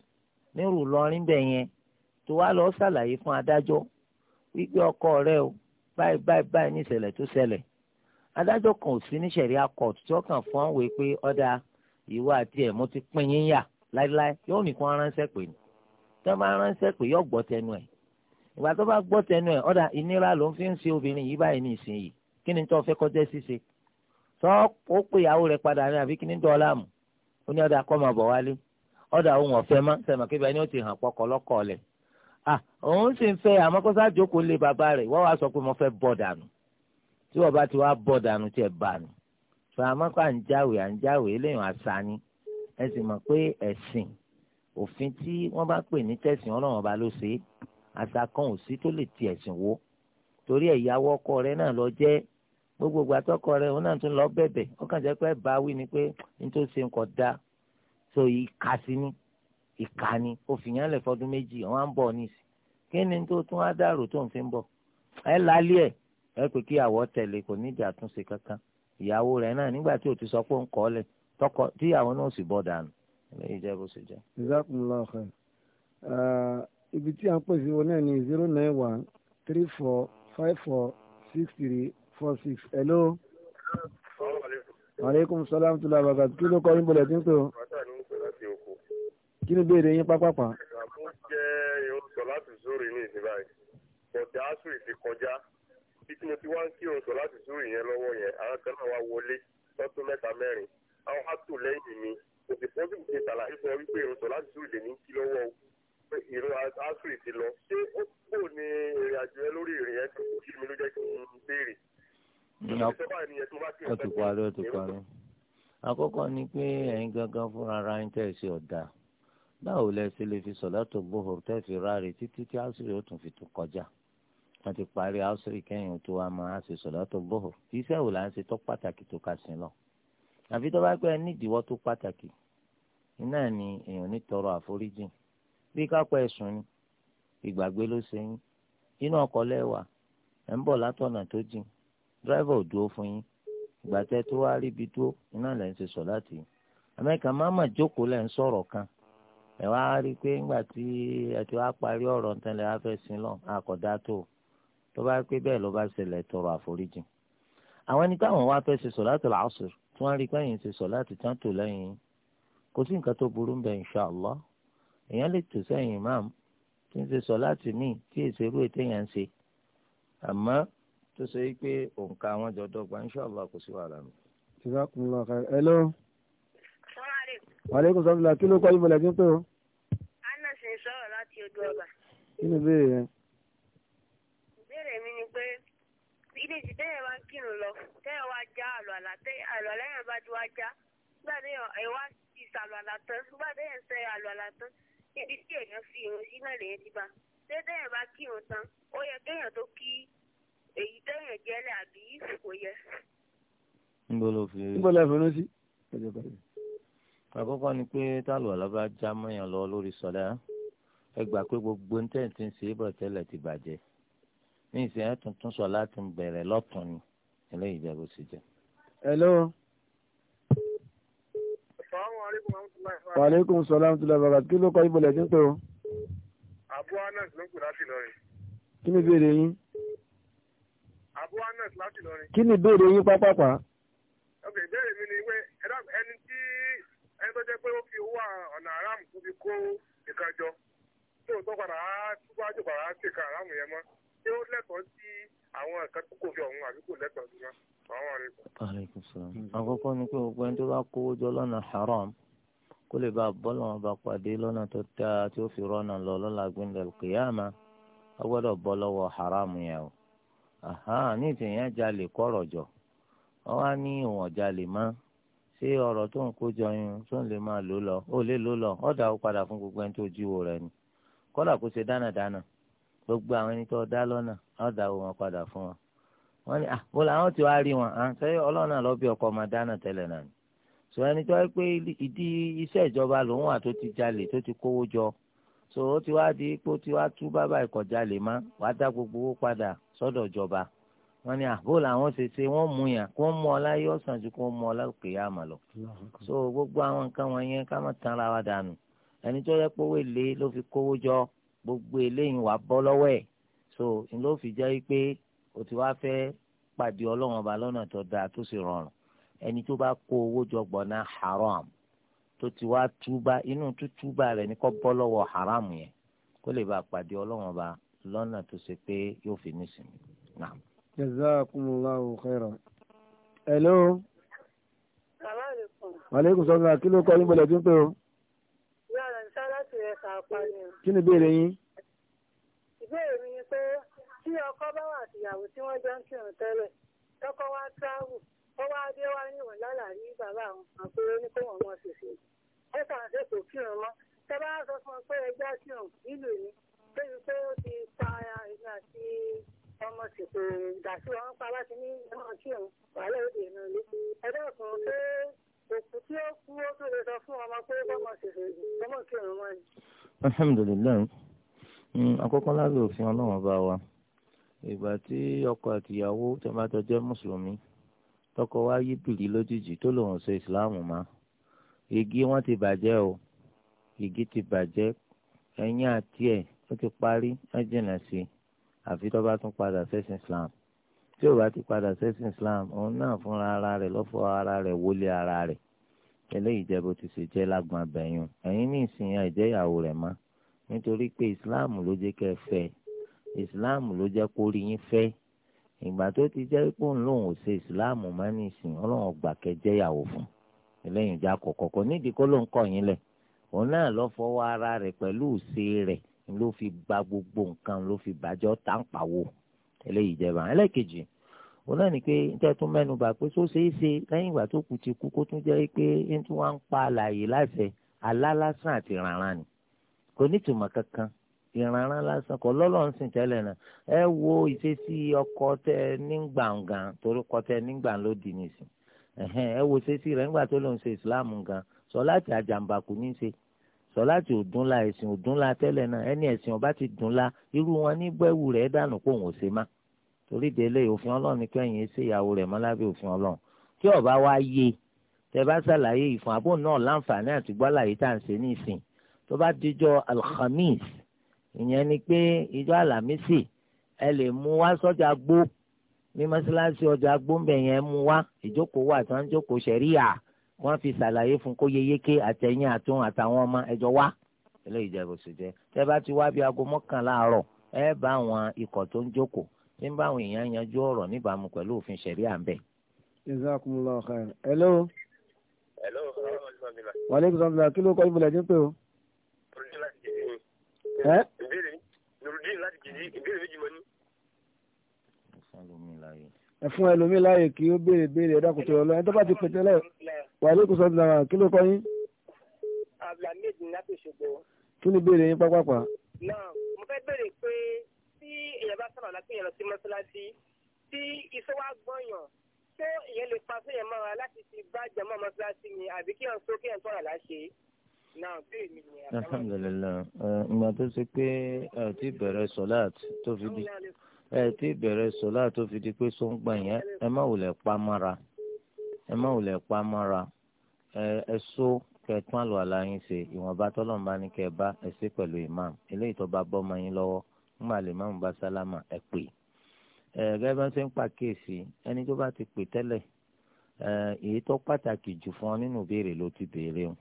nírú lọrin bẹ̀ yẹn tó wá lọ ṣàlàyé fún adájọ́ wípé ọkọ rẹ o báyìí báyìí báyìí ní ìṣẹ̀lẹ̀ tó ṣẹlẹ̀ adájọ́ kan ò sí ní sẹ̀ríà court tí wọ́n kàn fún àwọn pé ọ̀dà ìwọ àti ẹ̀mú ti pín yín yà láíláí yóò nìkan aránṣẹ́ pè ní tí wọ́n bá pè tẹnu ẹ̀ ìgbà tó bá gbọ́ tẹnu ẹ̀ ọ̀dà ìnira ló ń fi ń ṣe obìnrin yìí báyìí nísìnyìí kí ni tó fẹ́ kọjá ṣíṣe tó ó pè ìyàwó rẹ̀ padà ní àbí kí ni dọ́ọ́lá mu ó ní ọ̀dà kọ́ máa bọ̀ wálé ọ̀dà òun ọ̀fẹ́ má sẹ̀mọ̀ òun sì ń fẹ́ tí wọ́n bá ti wá bọ̀ dànù tí ẹ bá nù fàmọ́kọ́ à ń jáwèé à ń jáwèé eléyàn àṣà ni ẹ sì mọ̀ pé ẹ̀sìn òfin tí wọ́n bá pè ní tẹ̀sìn ọlọ́run ọba ló ṣe àṣà kan ò sí tó lè ti ẹ̀sìn wó torí ẹ̀yàwó ọkọ rẹ náà lọ jẹ́ gbogbo ìgbà rẹ òun náà tún lọ bẹ̀bẹ̀ ọkàn jẹ́ pé bá wí ni pé n tó ṣe nǹkan da so ìka sí ni ìka ni òfin yẹn lè fọdún méjì àwọn à ń bọ̀ nísì kí ni tó tún á dàrú tó ń fi ń bọ̀ ẹ lálé ẹ̀ ẹ pé kí àwọ̀ tẹ̀lé kò ní ìjà àtúnṣe kankan ìyàwó rẹ̀ náà nígbà tí ò ti sọ pé ń kọ́ lẹ̀ tọkọ tíyàwó náà sì bọ̀ dànù lẹ́yìn jẹ́ bó ṣe jẹ́. jazakumullahu khair ibi tí a ń pèsè wọn náà ni zero nine one three four five four six three four six hello. aleykum salaam tula bàbá kí ló kọ́ yín bọ̀lẹ̀ tí ń pè ọ́. kí ni béèrè yín pápápá. àbújá yóò sọ láti zoro ní ìsìn báyìí bọ̀dá sùn ìsìn kọjá bí tí mo ti wá ń kírun sọ láti sórí yẹn lọ́wọ́ yẹn àwọn kan náà wá wọlé lọ́tún mẹ́ta mẹ́rin àwọn á tò lẹ́yìn mi kò sì fọ́n bíi ṣàlàyé sọ wípé irun sọ láti sórí lè ní kí lọ́wọ́ o irun asúrì ti lọ ṣé ó kò ní ìrìn àjò ẹ lórí ìrìn ẹ tó kí mi ló jẹ́ kí n béèrè. Mm, ó ti parí ó ti parí àkọ́kọ́ ni pé ẹ̀yin gangan fúnra ara ń tẹ̀ sí ọ̀dà báwo lẹ ṣe lè fi sọ̀lá tó gbóhùn tẹ́ fi ráre títí tí àṣírí ó tún fi tún kọjá wọ́n ti parí àṣírí kẹ́yìn tó wá máa ṣe sọ̀látù bọ́ọ̀ kì í sẹ́wò là tó pàtàkì tó ka sin lọ. àfi tó bá gbé ẹ tó pàtàkì iná ni èèyàn ní àforíjì bí kápẹ́ ẹ̀sùn ni ìgbàgbé ló ṣe inú ọkọ̀ lẹ́wà ẹ̀ ń bọ̀ látọ̀nà tó jìn dírẹ́fà ò dúró fún yín ìgbà tó wá rí ibi kan wá rí i pé tí ẹ ti wá parí ọ̀rọ̀ ntẹ́lẹ̀ wá fẹ́ tó bá pé bẹ́ẹ̀ ló bá ṣẹlẹ̀ tọrọ àforíjì àwọn ẹni táwọn wá fẹ́ ṣe sọ̀láàtì làásùr tí wọ́n rí pẹ́yìn ṣe sọ̀láàtì tán tò lẹ́yìn kò sí nǹkan tó burú bẹ́ẹ̀ inṣàlá èèyàn lè tò sẹ́yìn imam tí ń ṣe sọ̀láàtì míì tí èsì irú ètè yẹn ń ṣe àmọ́ tó ṣe pé òǹkà àwọn jọ dọ́gba inṣàlá kò sí wàhálà mi. hello. wàlẹ́kùn sọ́dúnlá kí ló kọ́ ibùdó ẹ̀jẹ̀ kí ni ìbéèrè yẹn. ìdèjì tẹ́yẹ̀ wá ń kírun lọ tẹ́yẹ̀ wá já àlọ́ àlá tẹ́yẹ̀ àlọ́ àlá yẹn bá ti wá já nígbà téèyàn ẹ̀ wá ìsàlọ̀ àlá tán nígbà téèyàn sẹ́ àlọ́ àlá tán ibi tí èèyàn fi irun sí náà lèyẹn ti bá tẹ́tẹ́yẹ̀ bá kírun tán ó yẹ kéèyàn tó kí èyí tẹ́yẹ̀ jẹ́lẹ̀ àbí kò yẹ. níbo ló fi níbo ló fi rántí. àkọ́kọ́ ni pé tálù alábá já mọ́yàn lọ lórí sọ́dá ẹ gbà pé gbogbo ní tẹ́ǹtì ń ṣe é bọ̀ tẹ́lẹ̀ ti bàjẹ́ ní ìsìn ẹ̀ tuntun sọ láti bẹ̀rẹ̀ lọ́tún ni eléyìí jẹ́ bó ṣe jẹ́. hello. wàleykum salaam tula bàbá kí ló kọ́ ibùdó ẹ̀jẹ̀ ń pè ọ́. àbú anas ló ń pè láti Ìlọrin. kí ni ìbéèrè yín. àbú anas láti Ìlọrin. kí ni ìbéèrè yín pápápá. ok ìbéèrè mi ni pé ẹni tí ẹni tó jẹ́ pé ó fi owó ọ̀nà aráàmù tó fi kó ìkàjọ tó tó padà á túbọ̀ àjò padà á ṣèkà aráàmù yẹn mọ́. tí ó lẹ́tọ̀ọ́ sí àwọn nǹkan tó kò àbí kò sí wọn. ni pé gbogbo ẹni tó bá kówó jọ haram kó lè bá wọn bá pàdé lọ́nà tó tí ó fi rọ́nà lọ lọ́la gbẹ̀ndẹ̀ kìyàmá a gbọ́dọ̀ bọ́ lọ́wọ́ haram yẹn o ní ìtìyẹn jalè kọ́rọ̀ jọ wọ́n wá ní ìwọ̀n jalè mọ́ ṣé ọ̀rọ̀ tó ń kó jọ yun tó ń lè máa lò lọ ó lè lò gbogbo àwọn ẹni tó dá lọ́nà á dà wọn padà fún wọn. wọ́n ní àbò ah, làwọn ti wá rí wọn à ah, ń sẹ́yìn ọlọ́nà lọ́bí ọkọ máa dáná tẹ́lẹ̀ náà ni. sọ ẹni tó yẹ pé ìdí iṣẹ́ ìjọba lòun wà tó ti jalè tó ti kówó jọ so ó ti wá di pé ó ti wá tú bàbá ìkọjá lè má wàá dá gbogbo owó padà sọ́dọ̀ ìjọba wọ́n ní àbò ah, làwọn ṣe ṣe wọ́n mú yàn kó mú ọ láyé ọ̀sán ju kó mú ọ lókè yá mà lọ. so gbogbo àwọn nǹkan gbogbo eléyìí wà bọ́ lọ́wọ́ ẹ̀ so n ló fi jẹ́ pé o ti wá fẹ́ pàdé ọlọ́run ọba lọ́nà tó dáa tó sì rọrùn ẹni tó bá kó owó jọ gbọ̀nà haram tó ti wá túbá inú tútúbá rẹ̀ ní kó bọ́ lọ́wọ́ haram yẹn kó lè bá pàdé ọlọ́run ọba lọ́nà tó ṣe pé yóò fi nísìnyí náà. jazakumullahu khairan. hello. salaamaleykum. waaleykum salaam kí ló kọ́ yín bọ̀lẹ̀ tí ń pè ọ́ kí ni ìbéèrè yín. ìbéèrè mi ni pé tí ọkọ bá wà àtìyàwó tí wọ́n jọ ń kírun tẹ́lẹ̀ tọkọ wá tíráwù ó wá dé wá níwọ̀n lálàrí bàbá àwọn àpérò ní kó wọ́n mọ̀ ṣèṣe ẹ kàn ṣe kò kírun mọ́ tẹ bá sọ fún ọ pé ẹgbẹ́ kírun nílùú ni lórí pé ó ti pa ẹni àti ọmọ ṣètò ìdásí wọn pa láti ní ìmọ̀ kírun wàhálà òde ìrìn òní ẹ bẹ́ẹ̀ fún un pé òkú tí ó kú ó tó lè sọ fún ọmọ pé bọ́mọ ṣẹ̀ṣẹ̀ bọ́mọ kí ọ̀run mọ́ ni. alhamdulilayi hmm, àkọ́kọ́ lábẹ́ òfin Ọlọ́run bá wa ìgbà tí ọkọ àtìyàwó tó bá tó jẹ́ mùsùlùmí tọkọ wa yí bìrì lójijì tó lòun ṣe ìsìláàmù má igi wọn ti bàjẹ́ o igi ti bàjẹ́ ẹ̀yìn àti ẹ̀ ó ti parí ẹ̀ jìnnà sí i àfi tó bá tún padà ṣẹ̀sìn islam tí ò bá ti padà sẹ́sìn islam òun náà fúnra ara rẹ̀ lọ́fọ̀ ara rẹ̀ wọlé ara rẹ̀ eléyìí jẹ́ bó ti ṣe jẹ́ lágbọn abẹ́yùn ẹ̀yin ní ìsìn àìjẹ́yàwó rẹ̀ mọ́ nítorí pé islam ló jẹ́ kẹ́ ẹ fẹ́ islam ló jẹ́ kó rí yín fẹ́ ìgbà tó ti jẹ́ pé òun lòun ò ṣe islam mọ́ ní ìsìn ọlọ́run ọgbà kẹ́ jẹ́yàwó fún eléyìí jẹ́ àkọ́kọ́ kọ́ nídìí kó ló ń kọ̀ yín lẹ̀ òun náà lọ fọwọ́ ara rẹ̀ pẹ̀lú ìṣe rẹ̀ ló fi gba gbogbo nǹkan ló fi bàjọ́ tàǹpà wò eléyìí jẹba ẹlẹ́ẹ̀kejì òun náà ni pé níta tún mẹ́nu bà pé sóṣe é ṣe lẹ́yìn ìgbà tó kù ti kú kó tún jẹ́ pé ń tún wá ń pa àlàyé láṣẹ alálásán àti ni kò ní tùmọ̀ kankan ìrànràn lásán kò lọ́lọ́run tẹ́lẹ̀ náà ẹ wo ìṣesí ọkọ tẹ ní torí tẹ ní gbàn nìsín ẹ wo ìṣesí rẹ sọláàtì òdúnla ẹ̀sìn òdúnla tẹ́lẹ̀ náà ẹni ẹ̀sìn ọba ti dúnla irú wọn ní gbẹ́wù rẹ̀ dànù kó òun ò ṣe má torí délé òfin ọlọ́run ní kẹ́yìn ṣe ìyàwó rẹ̀ mọ́ lábẹ́ òfin ọlọ́run tí ọba wá yé tẹ bá ṣàlàyé ìfún àbò náà láǹfààní àti gbọ́láyé tá à ń ṣe ní ìsìn tó bá dijọ́ alhamis ìyẹn ni pé ìjọ alamisi ẹ lè mú wá sọ́jà gbó ní mọ́ṣáláṣí ọjà gbó yẹn mú wá ìjókòó wà tán jókòó ṣẹ̀ríyà wọ́n fi ṣàlàyé fún kó yeyeke àtẹ̀yìn àtún àtàwọn ọmọ ẹjọ́ wá eléyìí jẹ́ bó ṣe jẹ́ tẹ́ bá ti wá bí aago mọ́kànlá àárọ̀ ẹ bá àwọn ikọ̀ tó ń jókòó tí ń bá àwọn èèyàn yanjú ọ̀rọ̀ níbàámu pẹ̀lú òfin ṣẹ̀rí à ń bẹ̀. jazakumullahu khair. hello. hello. wa aleykum salaam kí ló kọ́ ibùdó ẹ̀jẹ̀ o. ìbéèrè nurudin láti jìnnì ìbéèrè méjì mọ́ ni ẹ fún ẹlòmíì láàyè kí ó béèrè béèrè ẹ̀dá kòtò ọlọ́ ẹni tó bá ti pètè lẹ̀ wà lóko sọ́dún náà kí ló kọ́ yín. abdulhamid láti ṣògbó. kí ni béèrè yín pápápá. náà mo fẹ́ béèrè pé tí èèyàn bá sọ̀rọ̀ láti yàn lọ sí mọ́ṣáláṣí tí iṣẹ́ wa gbọ́yàn ṣé èèyàn lè pa sẹ́yìn mọ́ra láti fi bá jẹmọ́ mọ́ṣáláṣí ni àbí kí èèyàn sókè ẹ̀ tọ́ra láṣẹ náà bẹ́ẹ̀ mi ni. alhamdulilayi ìgbà tó ẹ ti bẹ̀rẹ̀ sọlá tó fi di pé sọ́ngbà yẹn ẹ má wulẹ̀ pa mára ẹ má wulẹ̀ pa mára ẹ so kẹtún àlọ́ àlàyé ṣe ìwọ̀nba tọ́lọ́mù bá ní kẹ bá ẹ ṣe pẹ̀lú imam eléyìí tó bá bọ́ ọmọ yín lọ́wọ́ ńgbà lè má bá sálámà ẹ pè é gẹ́gẹ́ bá ṣe ń pa kéèsì ẹni tó bá ti pè tẹ́lẹ̀ èyí tó pàtàkì jù fún ọ nínú ìbéèrè ló ti béèrè o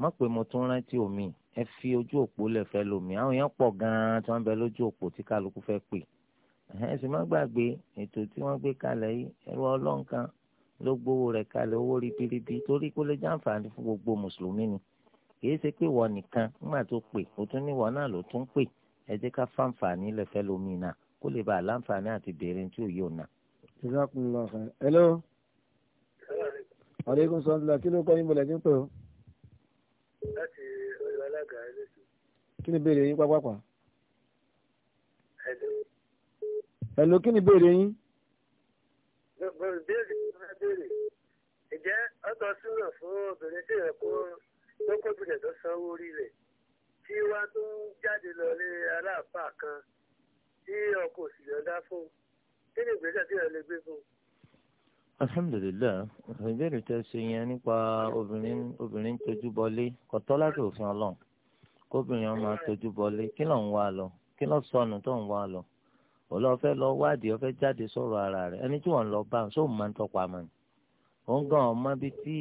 má pé mo tún rántí omi ẹ fi ojú òpó lẹ̀ fẹ́ lomi àwọn èèyàn pọ̀ gan-an tí wọ́n bẹ lójú òpó tí kálukú fẹ́ pè ẹ sì má gbàgbé ètò tí wọ́n gbé kalẹ̀ yìí ẹ̀rọ ọlọ́nkan ló gbowó rẹ̀ kalẹ̀ owó ribiribi torí kó lè jàǹfààní fún gbogbo mùsùlùmí ni kìí ṣe pé wọ́n nìkan nígbà tó pè ó tún ní wọ́n náà ló tún pè ẹ jẹ́ ká fáǹfààní lẹ́fẹ́ lómi náà kó lè bá àlàǹfààní àti béèrè tí ò yóò náà. jazakumullahu khair hello aleykum salaam kí ló kọ́ yín bọ̀lẹ̀ kí n pè ó. láti ọ̀dọ̀ alága ẹlẹ́sìn. kí Hello, kí ni ìbéèrè yín? Béèrè béèrè. Ìjẹ́ ọ̀tọ̀ súnà fún obìnrin tí rẹ̀ kó tó kóbìnrin tó sanwó orí rẹ̀ tí wá tó ń jáde lọ lé aláàfáà kan tí ọkọ̀ sì yọ̀ǹda fún. Kí ni ìgbésẹ̀ tí rẹ̀ lè gbé fún? alhamdulilayi ìbéèrè tẹ ṣe yẹn nípa obìnrin obìnrin tójú bọlé kọtọ láti òfin Ọlọ́run kóbìnrin ọmọ tójú bọlé kí ló ń wá lọ kí ló sọnù tó ń wá lọ ọlọ́fẹ́ lọ wádìí ọfẹ́ jáde sọrọ ara rẹ ẹni tí wọ́n lọ bá ń sóun máa ń tọpa mọ́ ni òun gan ọmọ bíi tí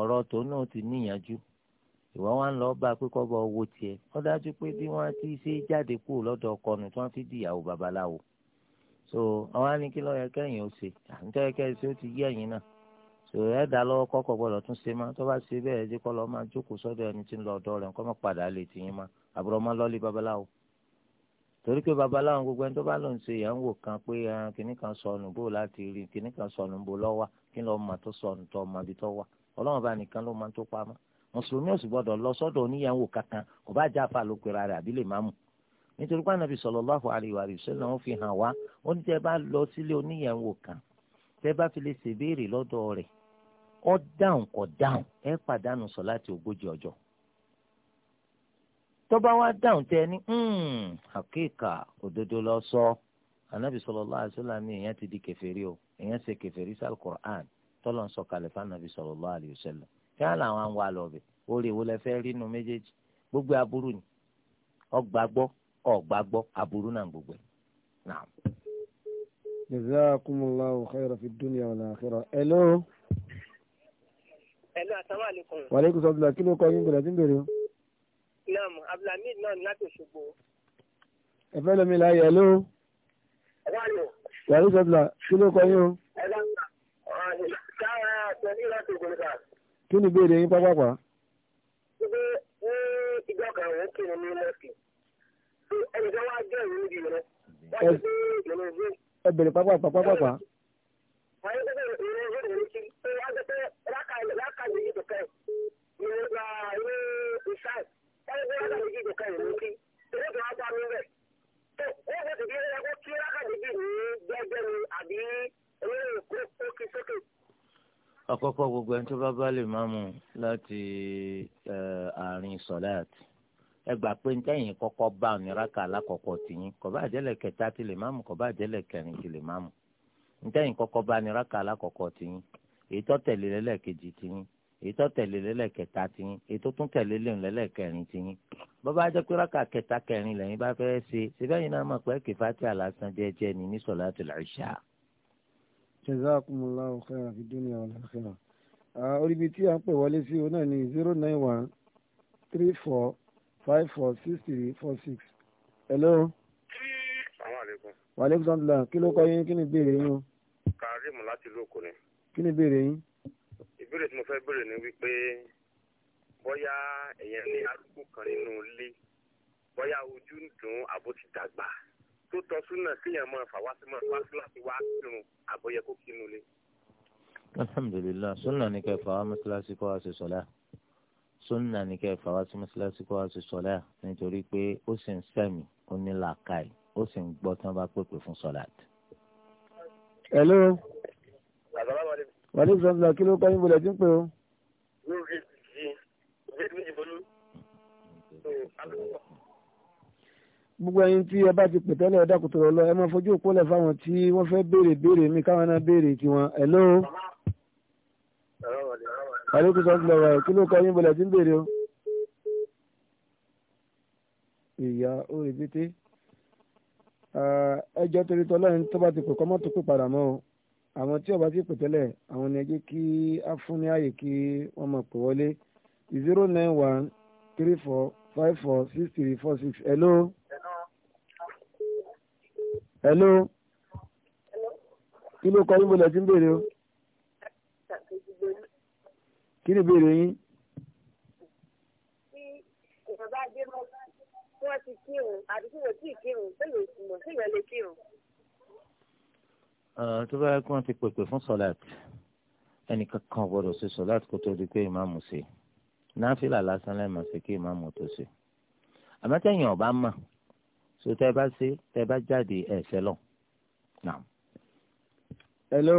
ọ̀rọ̀ tòun náà ti níyànjú ìwọ́n wá ń lọ bá pé bọ owó tiẹ̀ ó dájú pé bí wọ́n ti ṣe jáde kúrò lọ́dọ̀ ọkọ nù tí wọ́n fi dìyàwó babaláwo so àwọn á ní yẹ kẹ́yìn ó ṣe yẹ ti yé ẹ̀yìn náà so ẹ̀ dá lọ́wọ́ kọ́kọ́ gbọ́dọ̀ tún ṣe má tó torí pé babaláwo gbogbo ẹni tó bá lọ ń ṣe ìyàwó kan pé ah, kìnnì kan sọnù bó láti rí kìnnì kan sọnù bó lọ́wọ́ kí lọ́ọ́ mà tó sọnù tó mà bí tó wà ọlọ́run bá nìkan ló máa tó pamọ́ mùsùlùmí ò sì gbọ́dọ̀ lọ sọ́dọ̀ oníyàwó kankan kò bá já fa lópera rẹ̀ àbí lè má mú nítorí pé ànábì sallallahu alaihi wa sallam ó fi hàn wá ó ní tẹ́ bá lọ sílé oníyàwó kan tẹ́ bá fi lè ṣèbéèrè lọ́dọ̀ rẹ̀ ó dáhùn kò dáhùn ẹ pàdánù sọ láti ogójì ọjọ́ tó bá wá dáhùn tẹ ní àkíkà hmm, òdodo lọ sọ anabi sallallahu alaihi wasallam ní èèyàn ti di kèfèrí o èèyàn ṣe kèfèrí sí alukur'an tọ́lọ̀ ń sọ kalẹ̀ fanabi sallallahu alaihi wasallam kí á làwọn àwọn àlọ́ bẹ̀ orí ìwọlẹ̀ fẹ́ rí inú méjèèjì gbogbo aburú ni ọgbàgbọ́ ọgbàgbọ́ aburú náà gbogbo ẹ̀ náà. jazakumullahu khayran fi dunya wal akhirah. hello. hello Nam Abdulhamid náà láti Òṣogbo. Ẹ̀fẹ́ lomi la yẹ ló. Ẹ̀fẹ́ lò. Yàrá ìjọba kí ló kọ yín o. Ẹ̀fẹ́ lò. Ṣáà àtẹ̀lé láti Òṣogbo. Kí ni ìbéèrè yín pápákọ̀? Ṣé ní ìjọ kan òun kì í ní mọ́ọ̀kì? Ẹnìkan wá jẹ́ ìlú níbi rẹ̀. Wọ́n ti fi ìlú ìlú. Ẹ bèrè pápákọ̀ pápákọ̀. Àwọn ẹgbẹ́ bẹ̀rẹ̀ ìlú ìlú ìlú ti ṣe wá gbé pé lákàlẹ̀ yìí tó kẹ́ wọ́n gbé rákà méjì ìjọka yìí lókì owó tó wá bá mi bẹ̀. tó ó bó ti di ẹ̀rọ kó kí rákà méjì ní gbẹ́gbẹ́ ni àbí olóyè kó kí sókè. àkọ́kọ́ gbogbo ẹni tó bá bá lè máa mú láti àárín sọ̀láàtì ẹ gbà pé ntẹ́yìn kọ́kọ́ bá ní rákà alákọ̀ọ́kọ́ tìyín kò bá jẹ́lẹ̀ kẹta ti lè máàmù kò bá jẹ́lẹ̀ kẹrin ti lè máàmù ntẹ́yìn kọ́kọ́ bá ní alákọ̀ọ́kọ́ tìyín èyí tó tẹ̀lé lẹ́lẹ́kejì tìyín èyí tó tẹ̀lé lẹ́lẹ́kẹta ti yín èyí tó tún tẹ̀lé lẹ́yìn lẹ́lẹ́kẹrin ti yín bó bá jẹ́ pé rákà kẹta kẹrin lẹ́yìn bá fẹ́ ṣe síbẹ̀ yìí náà mọ̀ pé kìfá tí àlásán jẹ́jẹ́ ni ní sọ̀látul ìṣà. jazakumullahu khairan fi dunya wal akhirah oríbi tí a ń pè wọlé sí òun náà ni zero nine one three four five four six three four six. hello. wàlẹ́kùn sọ́ńdùlà kí ló kọ́ yín kí ni ìbéèrè yín o. kàrímù láti lóko ni. kí ni ìbéèrè ìbéèrè tí mo fẹ́ béèrè ni wípé bóyá èèyàn ní arúgbó kan nínú ilé bóyá ojú ń dùn àbó ti dàgbà tó tọ́ súnà kéèyàn máa fà wá sí máa wá sí láti wá kírun àbóyẹ kó kínú ilé. alhamdulilayi sunna ni kẹ́ fà wá mọ́sálásí kó wá sí sọ́lá sunna ni kẹ́ fà wá sí mọ́sálásí kó wá sí sọ́lá nítorí pé ó sì ń sẹ́mi ó ní làákàyè ó sì ń gbọ́ tí wọ́n bá pèpè fún sọ́lá. hello wàlẹ́ ìsọ̀nsá kí ló kọ́ yín bọ̀lẹ̀ tí ń pè ó. gbogbo ẹyin tí ẹ bá ti pè tẹ́lẹ̀ ọ̀dà kòtò lọ ẹ máa fojú òpó lẹ̀ fáwọn tí wọ́n fẹ́ béèrè béèrè mi káwọn náà béèrè tiwọn hello. wàlẹ́ ìsọ̀nsá kí ló kọ́ yín bọ̀lẹ̀ tí ń béèrè ó. ìyá ó rèbété ẹjọ́ torí tọ́lá ẹni tó bá ti pè kọ́ mọ́tò pè padà mọ́ o àwọn tí ọba ti pètẹ́lẹ̀ àwọn ni ẹ jẹ́ kí á fún ní ààyè kí wọ́n máa pè wọlé zero nine one three four five four six three four six hello. hello. kí ló kọ yín bọ̀lẹ̀ tí ń béèrè o. kí ni ìbéèrè yín. tí ìjọba dé mọ́ tí ti kírun àdúgbò tí ì kírun sílẹ̀ ìtumọ̀ sílẹ̀ lè kírun. Eh, tó bá yẹ kí wọ́n ti pèpè fún sọ́láàtì ẹnìkan kan gbọ́dọ̀ ṣe sọ́láàtì kó tó di pé ìmáàmù ṣe náfìlà lásán lẹ́ẹ̀mọ̀ sí kí ìmáàmù tó ṣe àmọ́tẹ́yìn ọ̀bá mà so tẹ́ bá ṣe tẹ́ bá jáde ẹ̀ṣẹ̀ lọ. hello.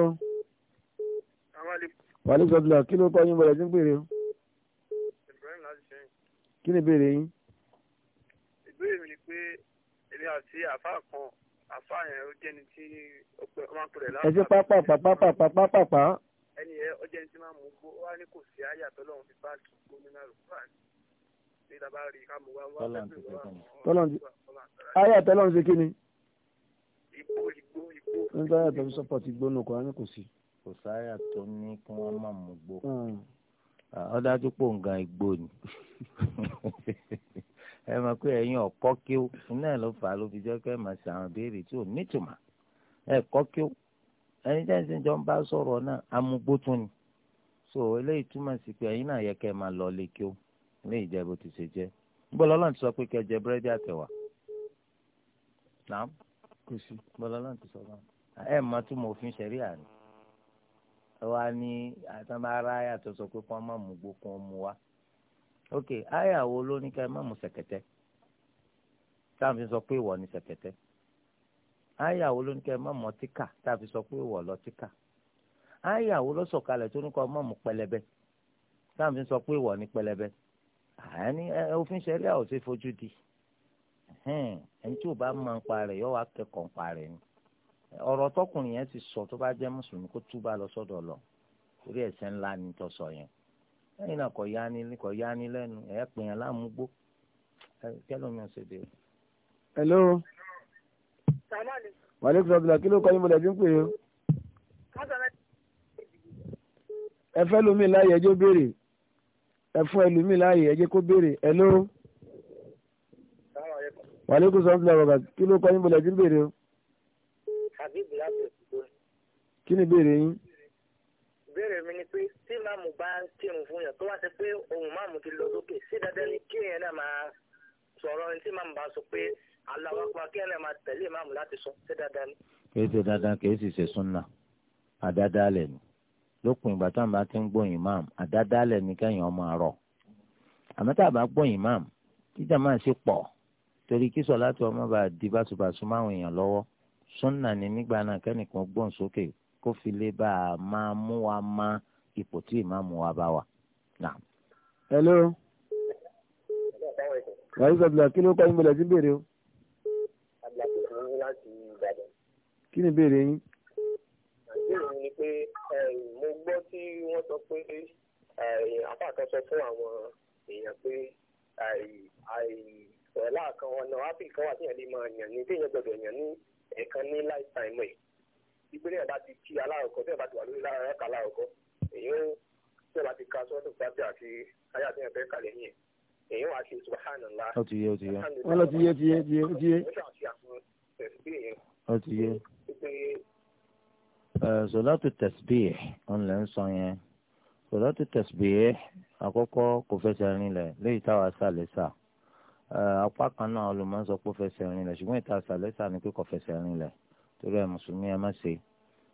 wàlú gbọ́dọ̀ kí ló kọ́ yín bọ̀dọ̀ tí ń pèrè o. kí ni ìbéèrè yín. ìbéèrè mi ni pé èmi àti àfáà kan fáyẹn ó jẹ́ ni tí ó pẹ́ ọmọ pẹ̀lẹ́ láwọn. ẹ̀sìn pápá pápá pápá pápá. ẹni yẹn ó jẹ́ ni tí máa mú gbó wá ní kò sí àyà tọ́lọ́run fi bá gbó nínú àlùfáà ní ìdábà rí ká mú wá wá tọ́lọ́run àyà tọ́lọ́run ṣe kí ni. igbó igbó igbó. nígbà àyà tó ń sọ́pọ̀tì gbónú kò wá ní kò sí. kò sáyà tó ní kí wọ́n má mú gbó. ọ̀dájú pò ń ni. ẹ mọ̀ pé ẹ̀yin ọ̀pọ̀ kíó iná ló fà á ló fi jẹ́ pé màá ṣàwọn béèrè tí ò o! ẹ kọ́ kíó ẹni tẹ́ ẹ jọ ń bá sọ̀rọ̀ náà ni so eléyìí túmọ̀ sí pé ẹ̀yin náà yẹ kẹ́ máa lọ lé kíó eléyìí jẹ́ bó ti ṣe jẹ́ bọ́lá ti sọ pé kẹ́ jẹ búrẹ́dì àtẹ̀wà nàám sọ ma ok àyà wo ló ní ká ẹ má mu sẹ̀kẹ̀tẹ̀ táàbí sọ pé ìwọ ni sẹ̀kẹ̀tẹ̀ àyà wo ló ní ká ẹ má mu ọtí kà táàbí sọ pé ìwọ lọtí kà àyà wo ló sọ̀kalẹ̀ tó ní ká ẹ má mu pẹlẹbẹ táàbí sọ pé ìwọ ni pẹlẹbẹ àní òfin ṣẹlẹ̀ àwọn ò sì fojú di ẹni tí ò bá máa ń pa rẹ̀ yọ wá kẹ́kọ̀ọ́ ń pa rẹ̀ ni ọ̀rọ̀ tọkùnrin yẹn ti sọ tó bá jẹ́ mùsùlùmí kó túbà lọ sọ́dọ̀ lọ torí ẹ̀ṣẹ̀ ńlá ni tó sọ yẹn lẹ́yìn náà kò yá ni kò yá ni lẹ́nu ẹ̀ pè yàn láàmúgbó kí ló ń ṣe dé. hello. wàlẹ́ kìlọ̀ bìlà kí ló kọ́ yín bọ̀dẹ̀ tí ń pè é. ẹ fẹ́ lómi láàyè ẹjọ́ béèrè ẹ fún ẹlòmí láàyè ẹjẹ́ kó béèrè hello. wàlẹ́ kìlọ̀ bìlà bàbà kí ló kọ́ yín bọ̀dẹ̀ tí ń béèrè o. kí ni béèrè yín. béèrè mi ni pé tí màmù bá ń kírun fún yàn tó wá ṣe pé ohun màmù ti lọ sókè sí dandan ni kí èèyàn náà máa sọ̀rọ̀ ní tí màmù bá sọ pé aláwa pa kí èèyàn náà máa tẹ̀lé màmù láti sọ sí dandan ni. kì í ṣe dandan kì í sì ṣe súnà àdádálẹ̀ ni lópin ìgbà táwọn bá ti ń gbóyìn máàmù àdádálẹ̀ ni kẹ́yìn ọmọ àárọ̀ àmọ́ tá a bá gbóyìn máàmù títà máa ṣe pọ̀ torí kí sọ láti ọmọ bá di báṣubàṣu máwọn èèyàn lọ́wọ́ súnà ni nígbà náà kẹ́nìkan gbóhùn sókè kó fi lè bá a máa mú wa máa ipò tí ìmáàmù wa bá wà. hello. wàhálà ìsọ̀bìlà kí ló kọ́ yín bọ̀lẹ̀ sí béèrè o. kí ni béèrè yín. béèrè mi ni pé mo gbọ́ tí wọ́n sọ pé apá kan sọ fún àwọn èèyàn pé pẹ̀lá kan ọ̀nà áfíríkà wà tíyẹn lè máa yàn ní téèyàn gbọdọ̀ yàn ní ẹ̀ẹ̀kan ní lifetime ẹ̀ ìgbéléyàn bá ti kí aláàkọ́ tí ẹ̀ bá ti wà lórí aláàkọ́ èyàn tí a bá ti ka sọ́tò fàbí àti ayé àti ẹ̀fẹ́ kalẹ̀ yẹn èyàn wà á ṣe subhanallah. ó ti yé ó ti yé wọn lọ ti yé ti yé ti yé ti yé. ó ti yé. sọlátù tasbih òun lè ń sọ yẹn sọlátù tasbih àkọ́kọ́ kò fẹsẹ̀ rinlẹ̀ léyìí táwa sàlẹ̀ sà apá kan náà olùmọ̀ sọ pé ó fẹsẹ̀ rinlẹ̀ ṣùgbọ́n ìta sàlẹ̀ sà ni pé kò fẹsẹ̀ rinlẹ̀ torí ẹ̀ mùsùlùmí ẹ má ṣe.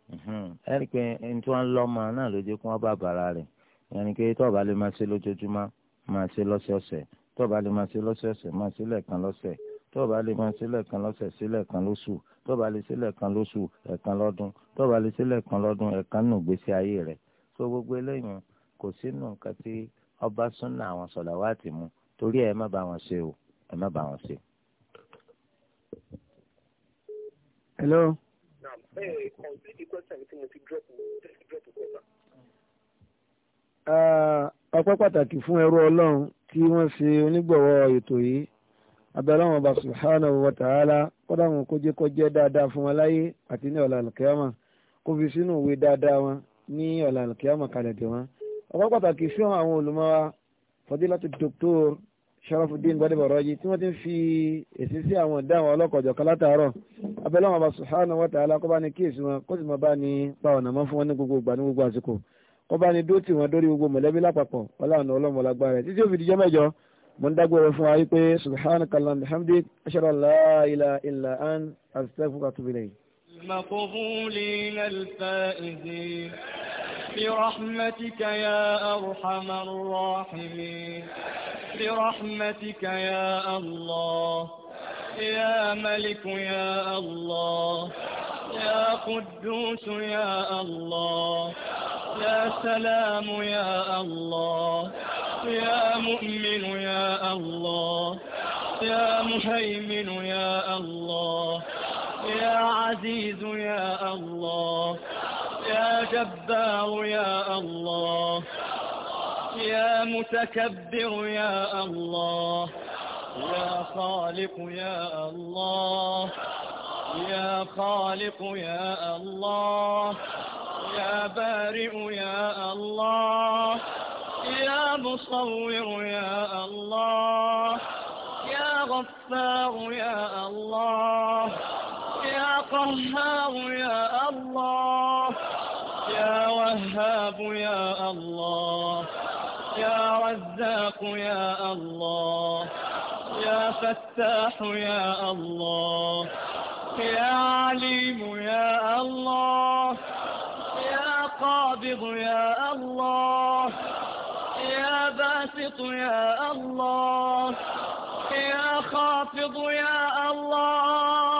Mm-hmm. ẹni pé ní tí wọ́n ń lọ́mọ náà ló jẹ́ kí wọ́n bá bàrà rẹ̀ ẹni pé tó bá lè máa ṣe lójoojúmọ́ máa ṣe lọ́sọ̀ọ̀sẹ̀ tó bá lè máa ṣe lọ́sọ̀ọ̀sẹ̀ máa ṣe lẹ́ẹ̀kan lọ́sẹ̀ tó bá lè máa ṣe lẹ́ẹ̀kan lọ́sẹ̀ ṣe lẹ́ẹ̀kan lóṣù tó bá lè ṣe lẹ́ẹ̀kan lóṣù ẹ̀kan lọ́dún tó bá lè ṣe lẹ́ẹ̀kan lọ́dún ẹ̀kan nù gbèsè ayé rẹ̀ tó gbogbo eléyìí kò sínú nǹkan tí ọba súnà àwọn sọ̀làwátì mu torí ẹ má bá wọn ṣe o ẹ má bá wọn ṣe. hello complete eh, the question tí mo ti drop ọpẹ́ pàtàkì fún ẹrú ọlọ́run tí wọ́n ṣe onígbọ̀wọ́ ètò yìí abẹ́láwọn ọba subhanahu wa ta'ala kọ́dà wọn kó jẹ́ kó jẹ́ dáadáa fún wọn láyé àti ní ọ̀la àlùkìyàmà kó fi sínú ìwé dáadáa wọn ní ọ̀la àlùkìyàmà kalẹ̀ dé ọpẹ́ pàtàkì fún àwọn olùmọ̀ wa fadilatu doctor Sharafuddin Gbadebo Raji tí wọ́n ti ń fi èsì sí àwọn ìdáhùn ọlọ́kọ̀jọ̀ kan látàárọ̀ abẹ́lẹ́ wọn bá subhanahu wa kó bá ní kíyèsí wọn kó sì mọ bá ní pa ọ̀nà mọ́ fún wọn ní gbogbo ìgbà ní gbogbo àsìkò kó bá ní dóòtì wọn dórí gbogbo mọ̀lẹ́bí lápapọ̀ ọláàánú ọlọ́mọlágbára rẹ̀ títí ó fi mẹ́jọ mo ń dágbére fún wa wípé subhanakallahumma برحمتك يا أرحم الراحمين برحمتك يا الله يا ملك يا الله يا قدوس يا الله يا سلام يا الله يا مؤمن يا الله يا مهيمن يا الله يا عزيز يا الله يا جبار يا الله يا متكبر يا الله يا خالق يا الله يا خالق يا الله يا بارئ يا الله يا مصور يا الله يا غفار يا الله يا قهار يا الله الوهاب يا الله يا رزاق يا الله يا فتاح يا الله يا عليم يا الله يا قابض يا الله يا باسط يا الله يا خافض يا الله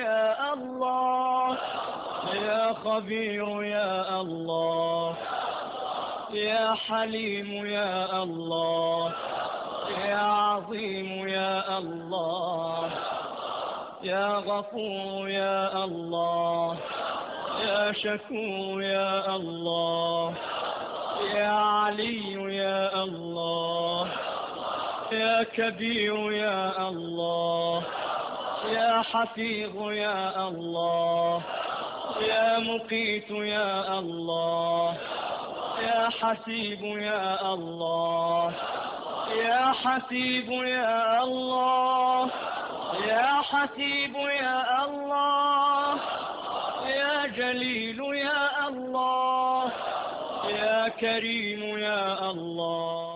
يا الله يا خبير يا الله يا حليم يا الله يا عظيم يا الله يا غفور يا الله يا شكور يا الله يا علي يا الله يا كبير يا الله يا حفيظ يا الله يا مقيت يا الله يا حسيب يا الله يا حسيب يا الله يا حسيب يا الله يا جليل يا الله يا كريم يا الله